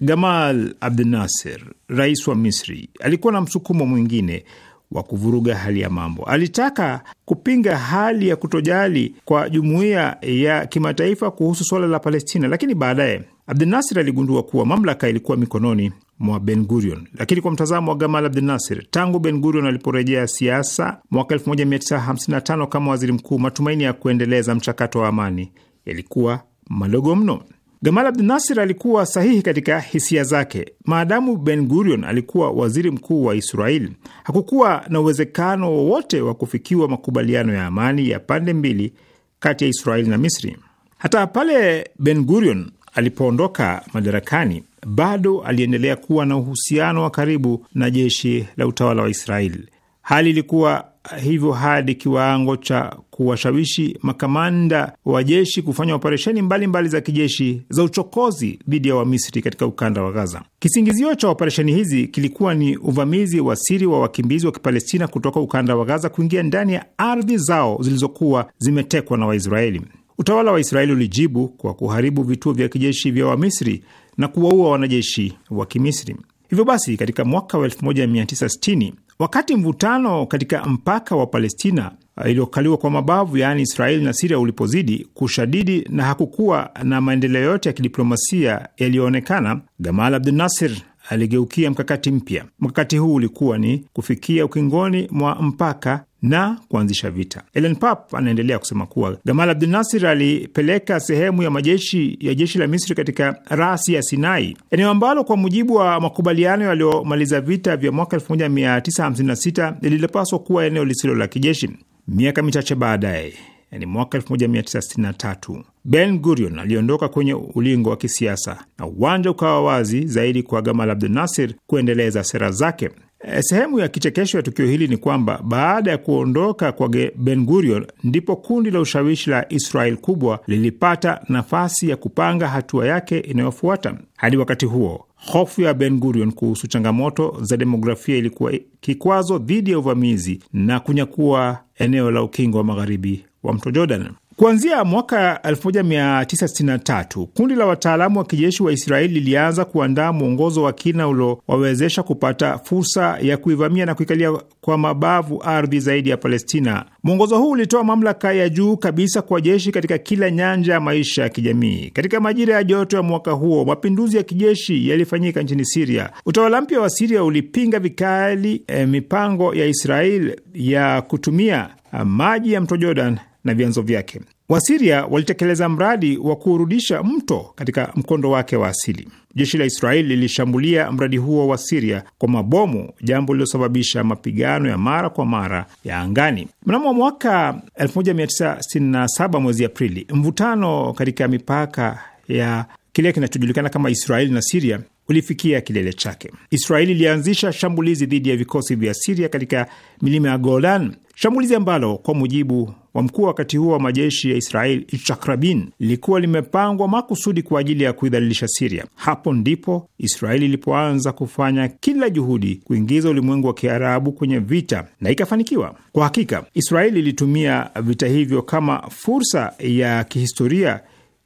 Gamal Abdel Nasser, rais wa Misri, alikuwa na msukumo mwingine wa kuvuruga hali ya mambo. Alitaka kupinga hali ya kutojali kwa jumuiya ya kimataifa kuhusu suala la Palestina, lakini baadaye Abdel Nasser aligundua kuwa mamlaka ilikuwa mikononi mwa Ben Gurion. Lakini kwa mtazamo wa Gamal Abdel Nasir, tangu Ben Gurion aliporejea siasa mwaka 1955 kama waziri mkuu, matumaini ya kuendeleza mchakato wa amani yalikuwa madogo mno. Gamal Abdel Nasir alikuwa sahihi katika hisia zake. Maadamu Ben Gurion alikuwa waziri mkuu wa Israeli, hakukuwa na uwezekano wowote wa kufikiwa makubaliano ya amani ya pande mbili kati ya Israeli na Misri. Hata pale Ben Gurion alipoondoka madarakani bado aliendelea kuwa na uhusiano wa karibu na jeshi la utawala wa israeli Hali ilikuwa hivyo hadi kiwango cha kuwashawishi makamanda wa jeshi kufanya operesheni mbalimbali za kijeshi za uchokozi dhidi ya Wamisri katika ukanda wa Gaza. Kisingizio cha operesheni hizi kilikuwa ni uvamizi wa siri wa wakimbizi wa Kipalestina kutoka ukanda wa Gaza kuingia ndani ya ardhi zao zilizokuwa zimetekwa na Waisraeli. Utawala wa Israeli ulijibu kwa kuharibu vituo vya kijeshi vya Wamisri na kuwaua wanajeshi wa Kimisri. Hivyo basi, katika mwaka wa 1960 wakati mvutano katika mpaka wa Palestina uh, iliyokaliwa kwa mabavu yaani Israeli na Siria ulipozidi kushadidi na hakukuwa na maendeleo yote ya kidiplomasia yaliyoonekana, Gamal Abdel Nasser aligeukia mkakati mpya. Mkakati huu ulikuwa ni kufikia ukingoni mwa mpaka na kuanzisha vita. Ellen Pap anaendelea kusema kuwa Gamal Abdul Nasir alipeleka sehemu ya majeshi ya jeshi la Misri katika rasi ya Sinai, eneo ambalo kwa mujibu wa makubaliano yaliyomaliza vita vya mwaka 1956 lililopaswa kuwa eneo lisilo la kijeshi. Miaka michache baadaye, yani mwaka 1963, Ben Gurion aliondoka kwenye ulingo wa kisiasa na uwanja ukawa wazi zaidi kwa Gamal Abdul Nasir kuendeleza sera zake. Eh, sehemu ya kichekesho ya tukio hili ni kwamba baada ya kuondoka kwa Ben Gurion ndipo kundi la ushawishi la Israel kubwa lilipata nafasi ya kupanga hatua yake inayofuata. Hadi wakati huo, hofu ya Ben Gurion kuhusu changamoto za demografia ilikuwa kikwazo dhidi ya uvamizi na kunyakua eneo la ukingo wa magharibi wa mto Jordan. Kuanzia mwaka 1963 kundi la wataalamu wa kijeshi wa Israeli lilianza kuandaa mwongozo wa kina uliowawezesha kupata fursa ya kuivamia na kuikalia kwa mabavu ardhi zaidi ya Palestina. Mwongozo huu ulitoa mamlaka ya juu kabisa kwa jeshi katika kila nyanja ya maisha ya kijamii. Katika majira ya joto ya mwaka huo, mapinduzi ya kijeshi yalifanyika nchini Siria. Utawala mpya wa Siria ulipinga vikali eh, mipango ya Israeli ya kutumia eh, maji ya mto Jordan na vyanzo vyake. Wasiria walitekeleza mradi wa kurudisha mto katika mkondo wake wa asili. Jeshi la Israeli lilishambulia mradi huo wa Siria kwa mabomu, jambo lililosababisha mapigano ya mara kwa mara ya angani. Mnamo mwaka 1967 mwezi Aprili, mvutano katika mipaka ya kile kinachojulikana kama Israeli na Siria ulifikia kilele chake. Israeli ilianzisha shambulizi dhidi ya vikosi vya Siria katika milima ya Golan Shambulizi ambalo kwa mujibu wa mkuu wa wakati huo wa majeshi ya Israel Itzhak Rabin lilikuwa limepangwa makusudi kwa ajili ya kuidhalilisha Siria. Hapo ndipo Israeli ilipoanza kufanya kila juhudi kuingiza ulimwengu wa Kiarabu kwenye vita na ikafanikiwa. Kwa hakika, Israeli ilitumia vita hivyo kama fursa ya kihistoria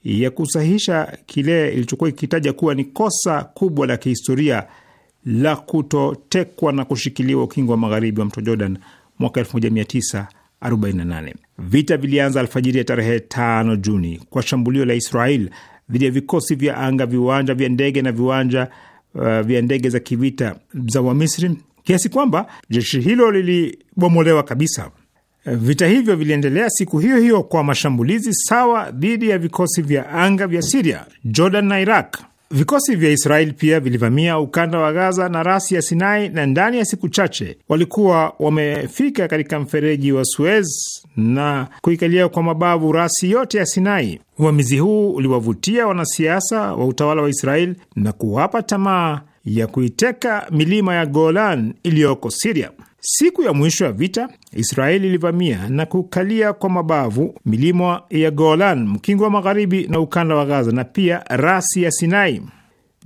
ya kusahihisha kile ilichokuwa ikitaja kuwa ni kosa kubwa la kihistoria la kutotekwa na kushikiliwa ukingo wa magharibi wa mto Jordan mwaka 1948. Vita vilianza alfajiri ya tarehe 5 Juni kwa shambulio la Israel dhidi ya vikosi vya anga, viwanja vya ndege na viwanja uh, vya ndege za kivita za Wamisri kiasi kwamba jeshi hilo lilibomolewa kabisa. Vita hivyo viliendelea siku hiyo hiyo kwa mashambulizi sawa dhidi ya vikosi vya anga vya Siria, Jordan na Iraq. Vikosi vya israel pia vilivamia ukanda wa Gaza na rasi ya Sinai, na ndani ya siku chache walikuwa wamefika katika mfereji wa Suez na kuikalia kwa mabavu rasi yote ya Sinai. Uvamizi huu uliwavutia wanasiasa wa utawala wa israel na kuwapa tamaa ya kuiteka milima ya Golan iliyoko Siria. Siku ya mwisho ya vita, Israeli ilivamia na kukalia kwa mabavu milima ya Golan, mkingo wa magharibi na ukanda wa Gaza na pia rasi ya Sinai.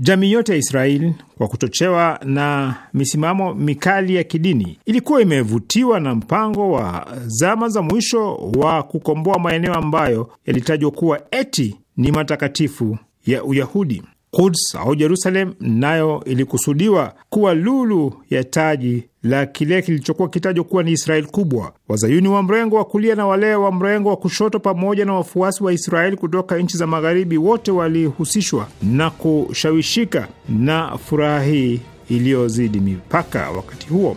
Jamii yote ya Israeli kwa kuchochewa na misimamo mikali ya kidini ilikuwa imevutiwa na mpango wa zama za mwisho wa kukomboa maeneo ambayo yalitajwa kuwa eti ni matakatifu ya Uyahudi. Quds au Jerusalem nayo ilikusudiwa kuwa lulu ya taji la kile kilichokuwa kitajwa kuwa ni Israeli kubwa. Wazayuni wa mrengo wa kulia na wale wa mrengo wa kushoto pamoja na wafuasi wa Israeli kutoka nchi za magharibi wote walihusishwa na kushawishika na furaha hii iliyozidi mipaka wakati huo.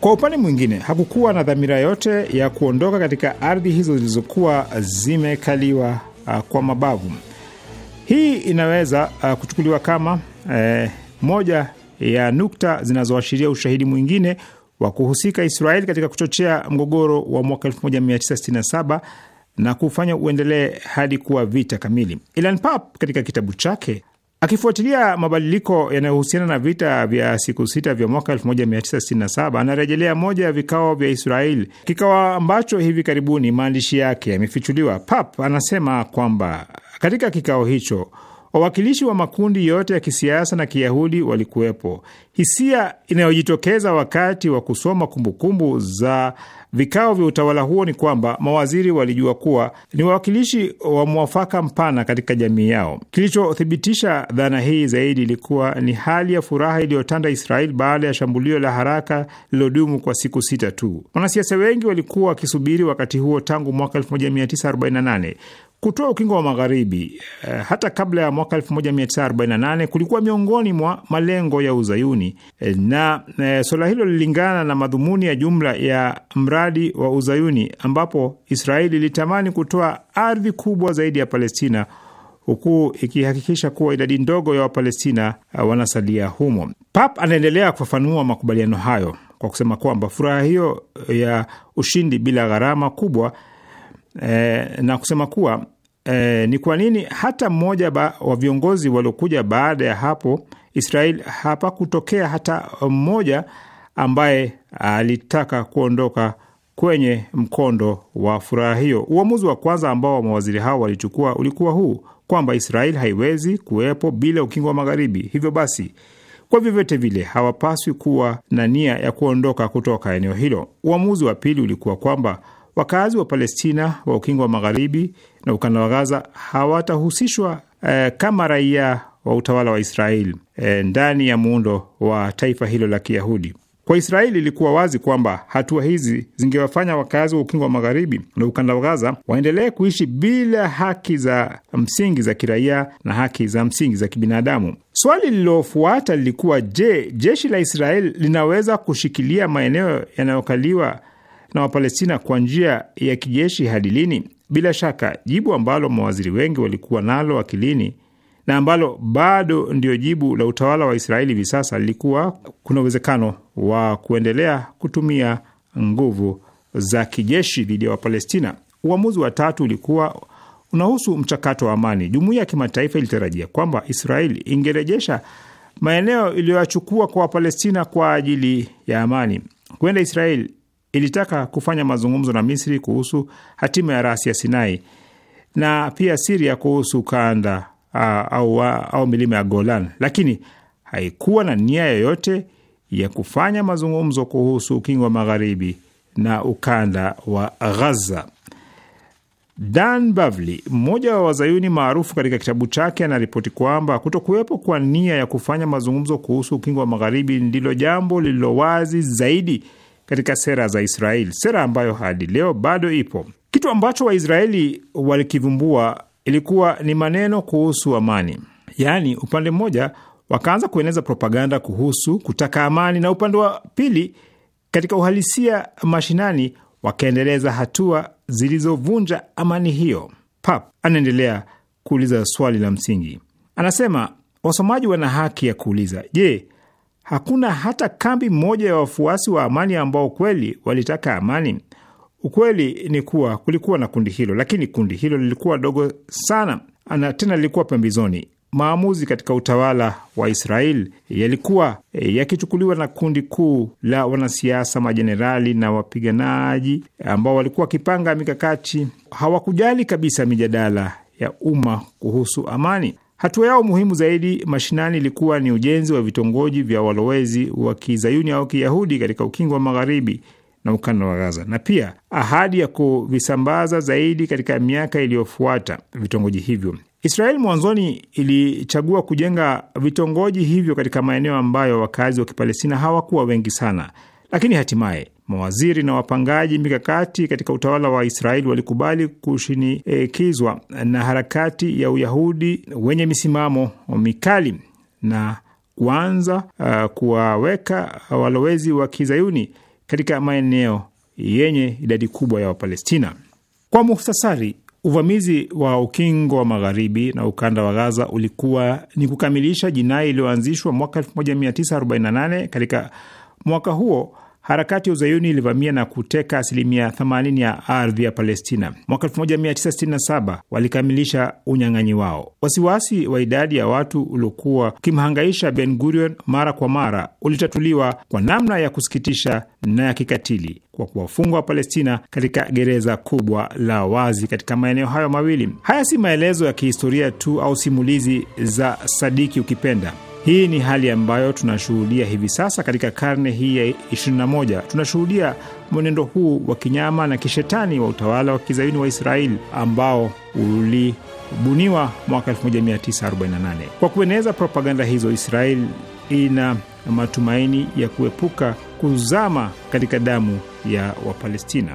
Kwa upande mwingine, hakukuwa na dhamira yote ya kuondoka katika ardhi hizo zilizokuwa zimekaliwa uh, kwa mabavu. Hii inaweza uh, kuchukuliwa kama eh, moja ya nukta zinazoashiria ushahidi mwingine wa kuhusika Israeli katika kuchochea mgogoro wa mwaka 1967 na kufanya uendelee hadi kuwa vita kamili. Ilan Pap katika kitabu chake Akifuatilia mabadiliko yanayohusiana na vita vya siku sita vya mwaka 1967 anarejelea moja ya vikao vya Israel, kikao ambacho hivi karibuni maandishi yake yamefichuliwa. Pap anasema kwamba katika kikao hicho Wawakilishi wa makundi yote ya kisiasa na Kiyahudi walikuwepo. Hisia inayojitokeza wakati wa kusoma kumbukumbu kumbu za vikao vya utawala huo ni kwamba mawaziri walijua kuwa ni wawakilishi wa mwafaka mpana katika jamii yao. Kilichothibitisha dhana hii zaidi ilikuwa ni hali ya furaha iliyotanda Israeli baada ya shambulio la haraka lililodumu kwa siku sita tu. Wanasiasa wengi walikuwa wakisubiri wakati huo tangu mwaka 1948. Kutoa ukingo wa magharibi eh, hata kabla ya mwaka 1948 kulikuwa miongoni mwa malengo ya uzayuni eh, na eh, suala hilo lilingana na madhumuni ya jumla ya mradi wa uzayuni ambapo Israeli ilitamani kutoa ardhi kubwa zaidi ya Palestina huku ikihakikisha kuwa idadi ndogo ya Wapalestina eh, wanasalia humo. Pap anaendelea kufafanua makubaliano hayo kwa kusema kwamba furaha hiyo ya ushindi bila gharama kubwa e, na kusema kuwa e, ni kwa nini hata mmoja wa viongozi waliokuja baada ya hapo Israel hapa kutokea hata mmoja ambaye alitaka kuondoka kwenye mkondo wa furaha hiyo. Uamuzi wa kwanza ambao mawaziri hao walichukua ulikuwa huu kwamba Israel haiwezi kuwepo bila ukingo wa Magharibi, hivyo basi kwa vyovyote vile hawapaswi kuwa na nia ya kuondoka kutoka eneo hilo. Uamuzi wa pili ulikuwa kwamba Wakazi wa Palestina wa ukingo wa magharibi na ukanda wa Gaza hawatahusishwa eh, kama raia wa utawala wa Israeli eh, ndani ya muundo wa taifa hilo la Kiyahudi. Kwa Israeli ilikuwa wazi kwamba hatua hizi zingewafanya wakazi wa ukingo wa magharibi na ukanda wa Gaza waendelee kuishi bila haki za msingi za kiraia na haki za msingi za kibinadamu. Swali lililofuata lilikuwa je, jeshi la Israeli linaweza kushikilia maeneo yanayokaliwa na Wapalestina kwa njia ya kijeshi hadi lini? Bila shaka jibu ambalo mawaziri wengi walikuwa nalo akilini na ambalo bado ndio jibu la utawala wa Israeli hivi sasa lilikuwa kuna uwezekano wa kuendelea kutumia nguvu za kijeshi dhidi ya Wapalestina. Uamuzi wa tatu ulikuwa unahusu mchakato wa amani. Jumuiya ya kimataifa ilitarajia kwamba Israeli ingerejesha maeneo iliyoyachukua kwa Wapalestina kwa ajili ya amani. Huenda Israeli ilitaka kufanya mazungumzo na Misri kuhusu hatima ya rasi ya Sinai na pia Siria kuhusu kanda au, au milima ya Golan, lakini haikuwa na nia yoyote ya kufanya mazungumzo kuhusu ukingo wa magharibi na ukanda wa Ghaza. Dan Bavli, mmoja wa wazayuni maarufu, katika kitabu chake anaripoti kwamba kutokuwepo kwa nia ya kufanya mazungumzo kuhusu ukingo wa magharibi ndilo jambo lililo wazi zaidi katika sera za Israeli, sera ambayo hadi leo bado ipo. Kitu ambacho Waisraeli walikivumbua ilikuwa ni maneno kuhusu amani, yaani upande mmoja wakaanza kueneza propaganda kuhusu kutaka amani, na upande wa pili, katika uhalisia mashinani, wakaendeleza hatua zilizovunja amani hiyo. Pap anaendelea kuuliza swali la msingi, anasema wasomaji wana haki ya kuuliza, je, hakuna hata kambi moja ya wafuasi wa amani ambao kweli walitaka amani. Ukweli ni kuwa kulikuwa na kundi hilo, lakini kundi hilo lilikuwa dogo sana na tena lilikuwa pembezoni. Maamuzi katika utawala wa Israel yalikuwa e, yakichukuliwa na kundi kuu la wanasiasa, majenerali na wapiganaji ambao walikuwa wakipanga mikakati. Hawakujali kabisa mijadala ya umma kuhusu amani. Hatua yao muhimu zaidi mashinani ilikuwa ni ujenzi wa vitongoji vya walowezi wa kizayuni au kiyahudi katika ukingo wa magharibi na ukanda wa Gaza, na pia ahadi ya kuvisambaza zaidi katika miaka iliyofuata vitongoji hivyo. israeli mwanzoni ilichagua kujenga vitongoji hivyo katika maeneo ambayo wakazi wa Kipalestina hawakuwa wengi sana, lakini hatimaye mawaziri na wapangaji mikakati katika utawala wa Israeli walikubali kushinikizwa na harakati ya Uyahudi wenye misimamo mikali na kuanza uh, kuwaweka walowezi wa kizayuni katika maeneo yenye idadi kubwa ya Wapalestina. Kwa muhtasari, uvamizi wa ukingo wa magharibi na ukanda wa Gaza ulikuwa ni kukamilisha jinai iliyoanzishwa mwaka 1948 katika Mwaka huo harakati ya uzayuni ilivamia na kuteka asilimia 80 ya ardhi ya Palestina. Mwaka 1967 walikamilisha unyang'anyi wao. Wasiwasi wa idadi ya watu uliokuwa ukimhangaisha Ben Gurion mara kwa mara ulitatuliwa kwa namna ya kusikitisha na ya kikatili kwa kuwafungwa wa Palestina katika gereza kubwa la wazi katika maeneo hayo mawili. Haya si maelezo ya kihistoria tu au simulizi za Sadiki ukipenda hii ni hali ambayo tunashuhudia hivi sasa katika karne hii ya 21. Tunashuhudia mwenendo huu wa kinyama na kishetani wa utawala wa kizayuni wa Israeli ambao ulibuniwa mwaka 1948. Kwa kueneza propaganda hizo, Israeli ina matumaini ya kuepuka kuzama katika damu ya Wapalestina.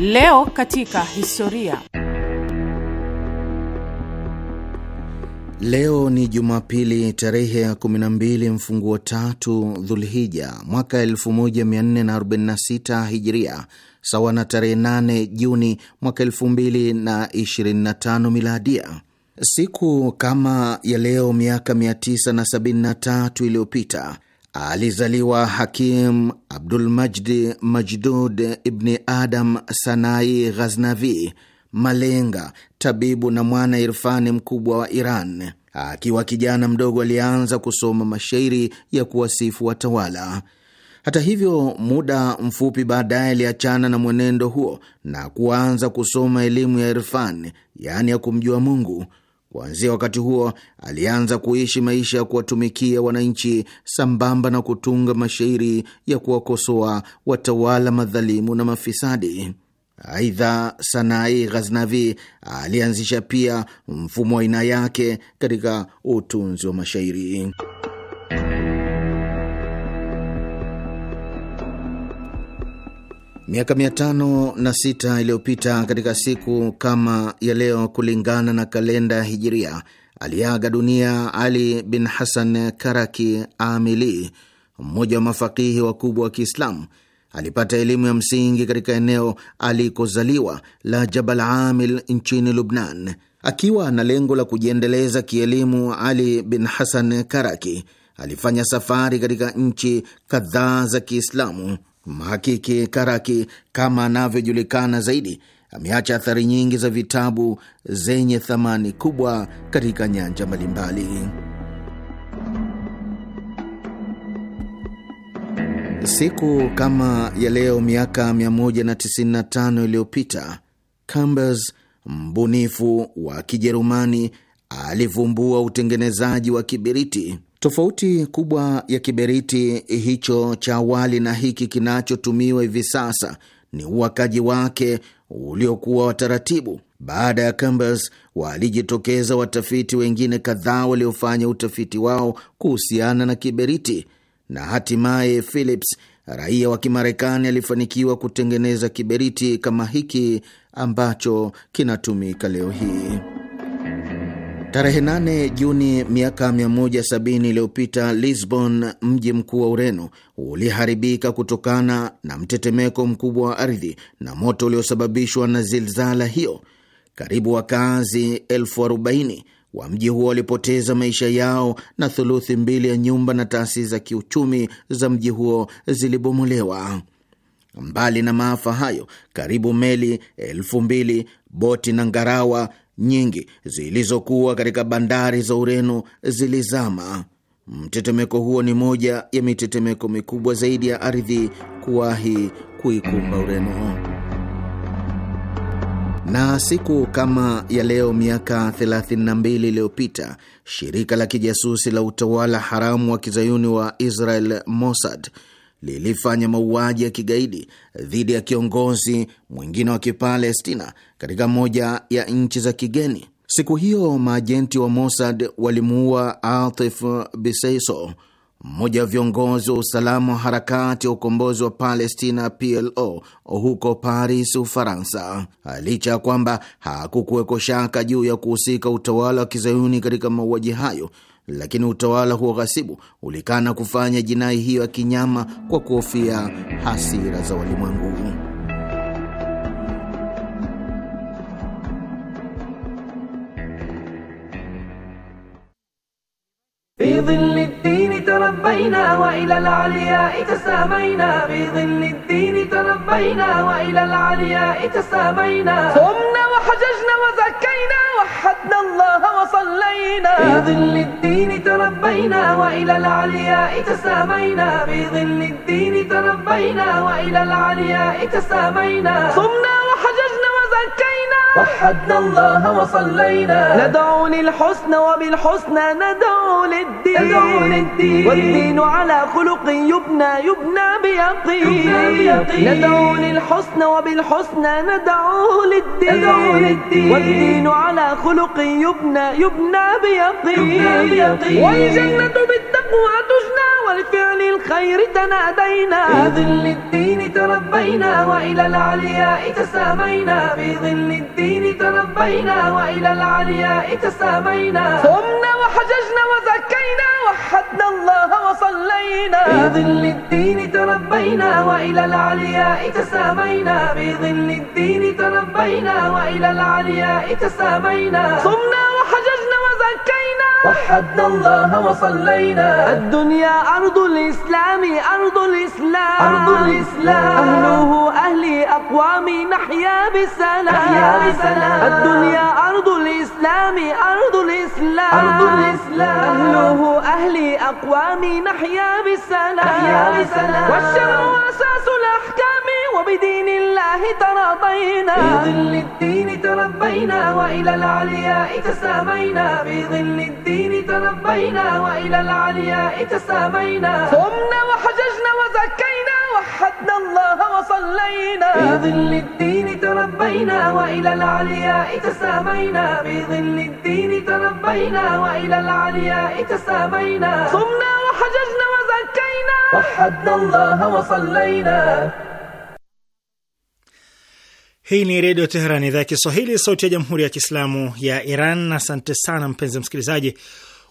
Leo katika historia. Leo ni Jumapili tarehe ya 12 mfunguo tatu Dhulhija mwaka 1446 Hijria, sawa na tarehe 8 Juni mwaka 2025 Miladia. Siku kama ya leo miaka 973 iliyopita Alizaliwa Hakim Abdulmajdi Majdud Ibni Adam Sanai Ghaznavi, malenga, tabibu na mwana irfani mkubwa wa Iran. Akiwa kijana mdogo, alianza kusoma mashairi ya kuwasifu watawala. Hata hivyo, muda mfupi baadaye aliachana na mwenendo huo na kuanza kusoma elimu ya irfani, yaani ya kumjua Mungu. Kuanzia wakati huo alianza kuishi maisha ya kuwatumikia wananchi sambamba na kutunga mashairi ya kuwakosoa watawala madhalimu na mafisadi. Aidha, Sanai Ghaznavi alianzisha pia mfumo wa aina yake katika utunzi wa mashairi. Miaka mia tano na sita iliyopita katika siku kama ya leo, kulingana na kalenda Hijiria, aliaga dunia Ali bin Hasan Karaki Amili, mmoja wa mafakihi wakubwa wa Kiislamu. Alipata elimu ya msingi katika eneo alikozaliwa la Jabal Amil nchini Lubnan. Akiwa na lengo la kujiendeleza kielimu, Ali bin Hasan Karaki alifanya safari katika nchi kadhaa za Kiislamu. Mhakiki Karaki, kama anavyojulikana zaidi, ameacha athari nyingi za vitabu zenye thamani kubwa katika nyanja mbalimbali. Siku kama ya leo miaka 195 iliyopita Cambers mbunifu wa Kijerumani alivumbua utengenezaji wa kibiriti. Tofauti kubwa ya kiberiti hicho cha awali na hiki kinachotumiwa hivi sasa ni uwakaji wake uliokuwa wa taratibu. Baada ya Cambers walijitokeza watafiti wengine kadhaa waliofanya utafiti wao kuhusiana na kiberiti, na hatimaye Phillips raia wa Kimarekani alifanikiwa kutengeneza kiberiti kama hiki ambacho kinatumika leo hii. Tarehe 8 Juni miaka 170 iliyopita Lisbon, mji mkuu wa Ureno, uliharibika kutokana na mtetemeko mkubwa wa ardhi na moto uliosababishwa na zilzala hiyo. Karibu wakazi elfu arobaini wa mji huo walipoteza maisha yao na thuluthi mbili ya nyumba na taasisi za kiuchumi za mji huo zilibomolewa. Mbali na maafa hayo, karibu meli elfu mbili, boti na ngarawa nyingi zilizokuwa katika bandari za Ureno zilizama. Mtetemeko huo ni moja ya mitetemeko mikubwa zaidi ya ardhi kuwahi kuikumba Ureno. Na siku kama ya leo miaka 32 iliyopita shirika la kijasusi la utawala haramu wa kizayuni wa Israel Mossad lilifanya mauaji ya kigaidi dhidi ya kiongozi mwingine wa Kipalestina katika moja ya nchi za kigeni. Siku hiyo maajenti wa Mossad walimuua Atif Biseiso, mmoja wa viongozi wa usalama wa harakati ya ukombozi wa Palestina PLO huko Paris, Ufaransa. Licha ya kwamba hakukuweko shaka juu ya kuhusika utawala wa kizayuni katika mauaji hayo lakini utawala huo ghasibu ulikana kufanya jinai hiyo ya kinyama kwa kuhofia hasira za walimwengu. تربينا وإلى العلياء تسامينا بظل الدين تربينا وإلى العلياء تسامينا صمنا وحججنا وزكينا وحدنا الله وصلينا بظل الدين تربينا وإلى العلياء تسامينا بظل الدين تربينا وإلى العلياء تسامينا صمنا وحججنا وزكينا وحدنا الله وصلينا ندعو للحسن وبالحسنى ندعو للدين, ندعو للدين والدين على خلق يبنى يبنى بيقين, يبنى بيقين ندعو للحسن وبالحسنى ندعو للدين, ندعو للدين والدين على خلق يبنى يبنى بيقين, يبنى بيقين والجنة بالتقوى تجنى والفعل الخير تنادينا بظل الدين تربينا وإلى العلياء تسامينا بظل الدين الدين تربينا وإلى العلياء تسامينا صمنا وحججنا وزكينا وحدنا الله وصلينا في ظل الدين تربينا وإلى العلياء تسامينا في ظل الدين تربينا وإلى العلياء تسامينا صمنا وحججنا وزكينا وحدنا الله وصلينا الدنيا أرض الإسلام أرض الإسلام أرض الإسلام أهله أهلي أقوامي نحيا بسلام نحيا بسلام الدنيا أرض الإسلام أرض الإسلام أرض الإسلام أهله أهلي أقوامي نحيا بسلام نحيا بسلام والشرع أساس الأحكام وبدين الله تراضينا بظل الدين تربينا وإلى العلياء تسامينا بظل الدين تربينا وإلى العلياء تسامينا صمنا وحججنا وزكينا وحدنا الله وصلينا بظل الدين تربينا وإلى العلياء تسامينا بظل الدين تربينا وإلى العلياء تسامينا صمنا وحججنا وزكينا وحدنا الله وصلينا Hii ni Redio Teheran, idhaa ya Kiswahili, sauti ya Jamhuri ya Kiislamu ya Iran. Asante sana mpenzi msikilizaji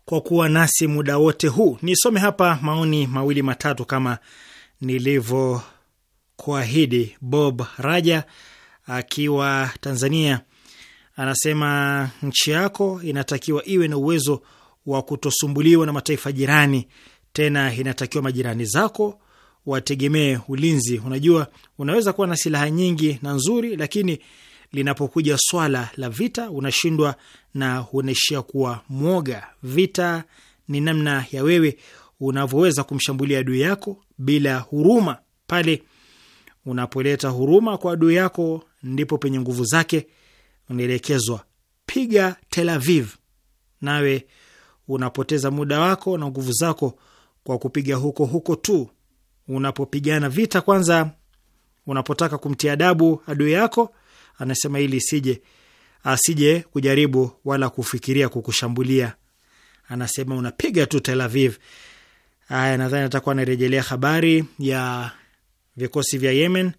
kwa kuwa nasi muda wote huu. Nisome hapa maoni mawili matatu kama nilivyokuahidi. Bob Raja akiwa Tanzania anasema nchi yako inatakiwa iwe na uwezo wa kutosumbuliwa na mataifa jirani, tena inatakiwa majirani zako wategemee ulinzi. Unajua, unaweza kuwa na silaha nyingi na nzuri, lakini linapokuja swala la vita unashindwa na unaishia kuwa mwoga. Vita ni namna ya wewe unavyoweza kumshambulia adui yako bila huruma. Pale unapoleta huruma kwa adui yako, ndipo penye nguvu zake unaelekezwa. Piga Tel Aviv, nawe unapoteza muda wako na nguvu zako kwa kupiga huko huko tu unapopigana vita, kwanza unapotaka kumtia adabu adui yako, anasema ili sije asije kujaribu wala kufikiria kukushambulia. Anasema unapiga tu Tel Aviv. Aya, nadhani atakuwa anarejelea habari ya vikosi vya Yemen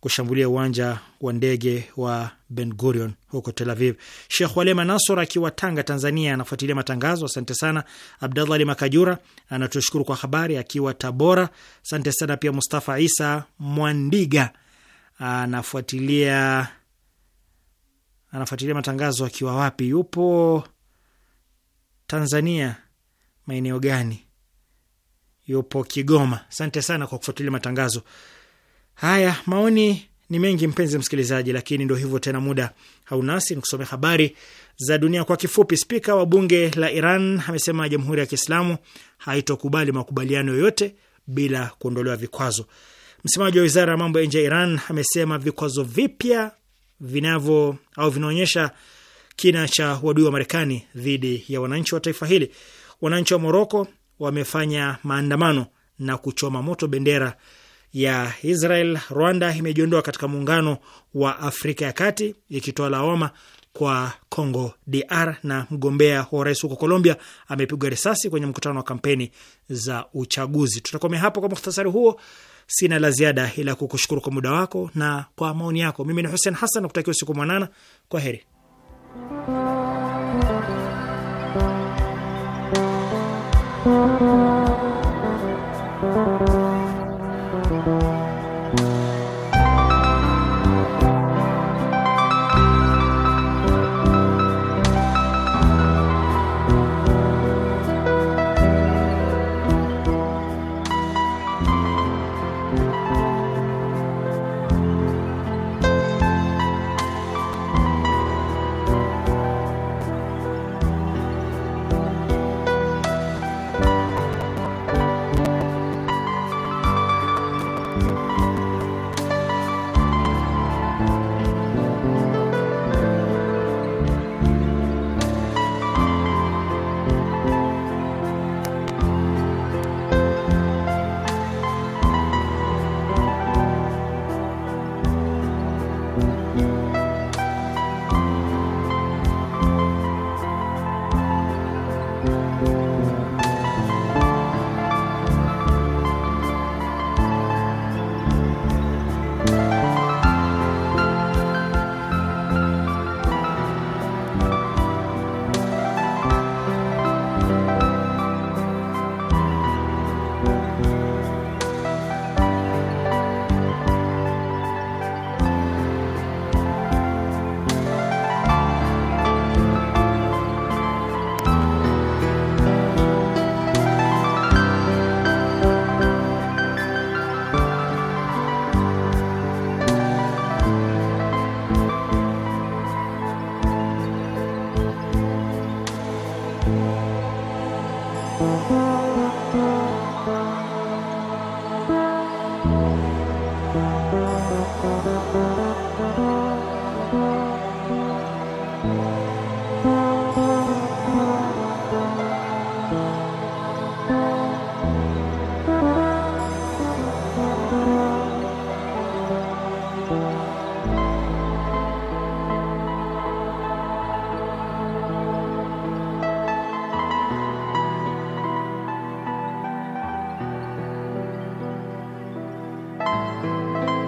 kushambulia uwanja wa ndege wa Ben Gurion huko Tel Aviv. Shekh Walema Nasor akiwa Tanga, Tanzania, anafuatilia matangazo. Asante sana. Abdallah Ali Makajura anatushukuru kwa habari akiwa Tabora. Asante sana pia. Mustafa Isa Mwandiga anafuatilia anafuatilia matangazo akiwa wapi? Yupo Tanzania, maeneo gani? Yupo Kigoma. Asante sana kwa kufuatilia matangazo. Haya, maoni ni mengi mpenzi msikilizaji, lakini ndo hivyo tena, muda haunasi. Ni kusomea habari za dunia kwa kifupi. Spika wa bunge la Iran amesema jamhuri ya Kiislamu haitokubali makubaliano yoyote bila kuondolewa vikwazo. Msemaji wa wizara ya mambo ya nje ya Iran amesema vikwazo vipya vinavyo au vinaonyesha kina cha uadui wa Marekani dhidi ya wananchi wa taifa hili. Wananchi wa Moroko wamefanya maandamano na kuchoma moto bendera ya Israel, Rwanda imejiondoa katika muungano wa Afrika ya Kati ikitoa lawama kwa Congo DR, na mgombea wa urais huko Colombia amepigwa risasi kwenye mkutano wa kampeni za uchaguzi. Tutakomea hapo kwa mukhtasari huo. Sina la ziada ila kukushukuru kwa muda wako na kwa maoni yako. Mimi ni Hussein Hassan, nakutakia usiku mwanana. Kwa heri.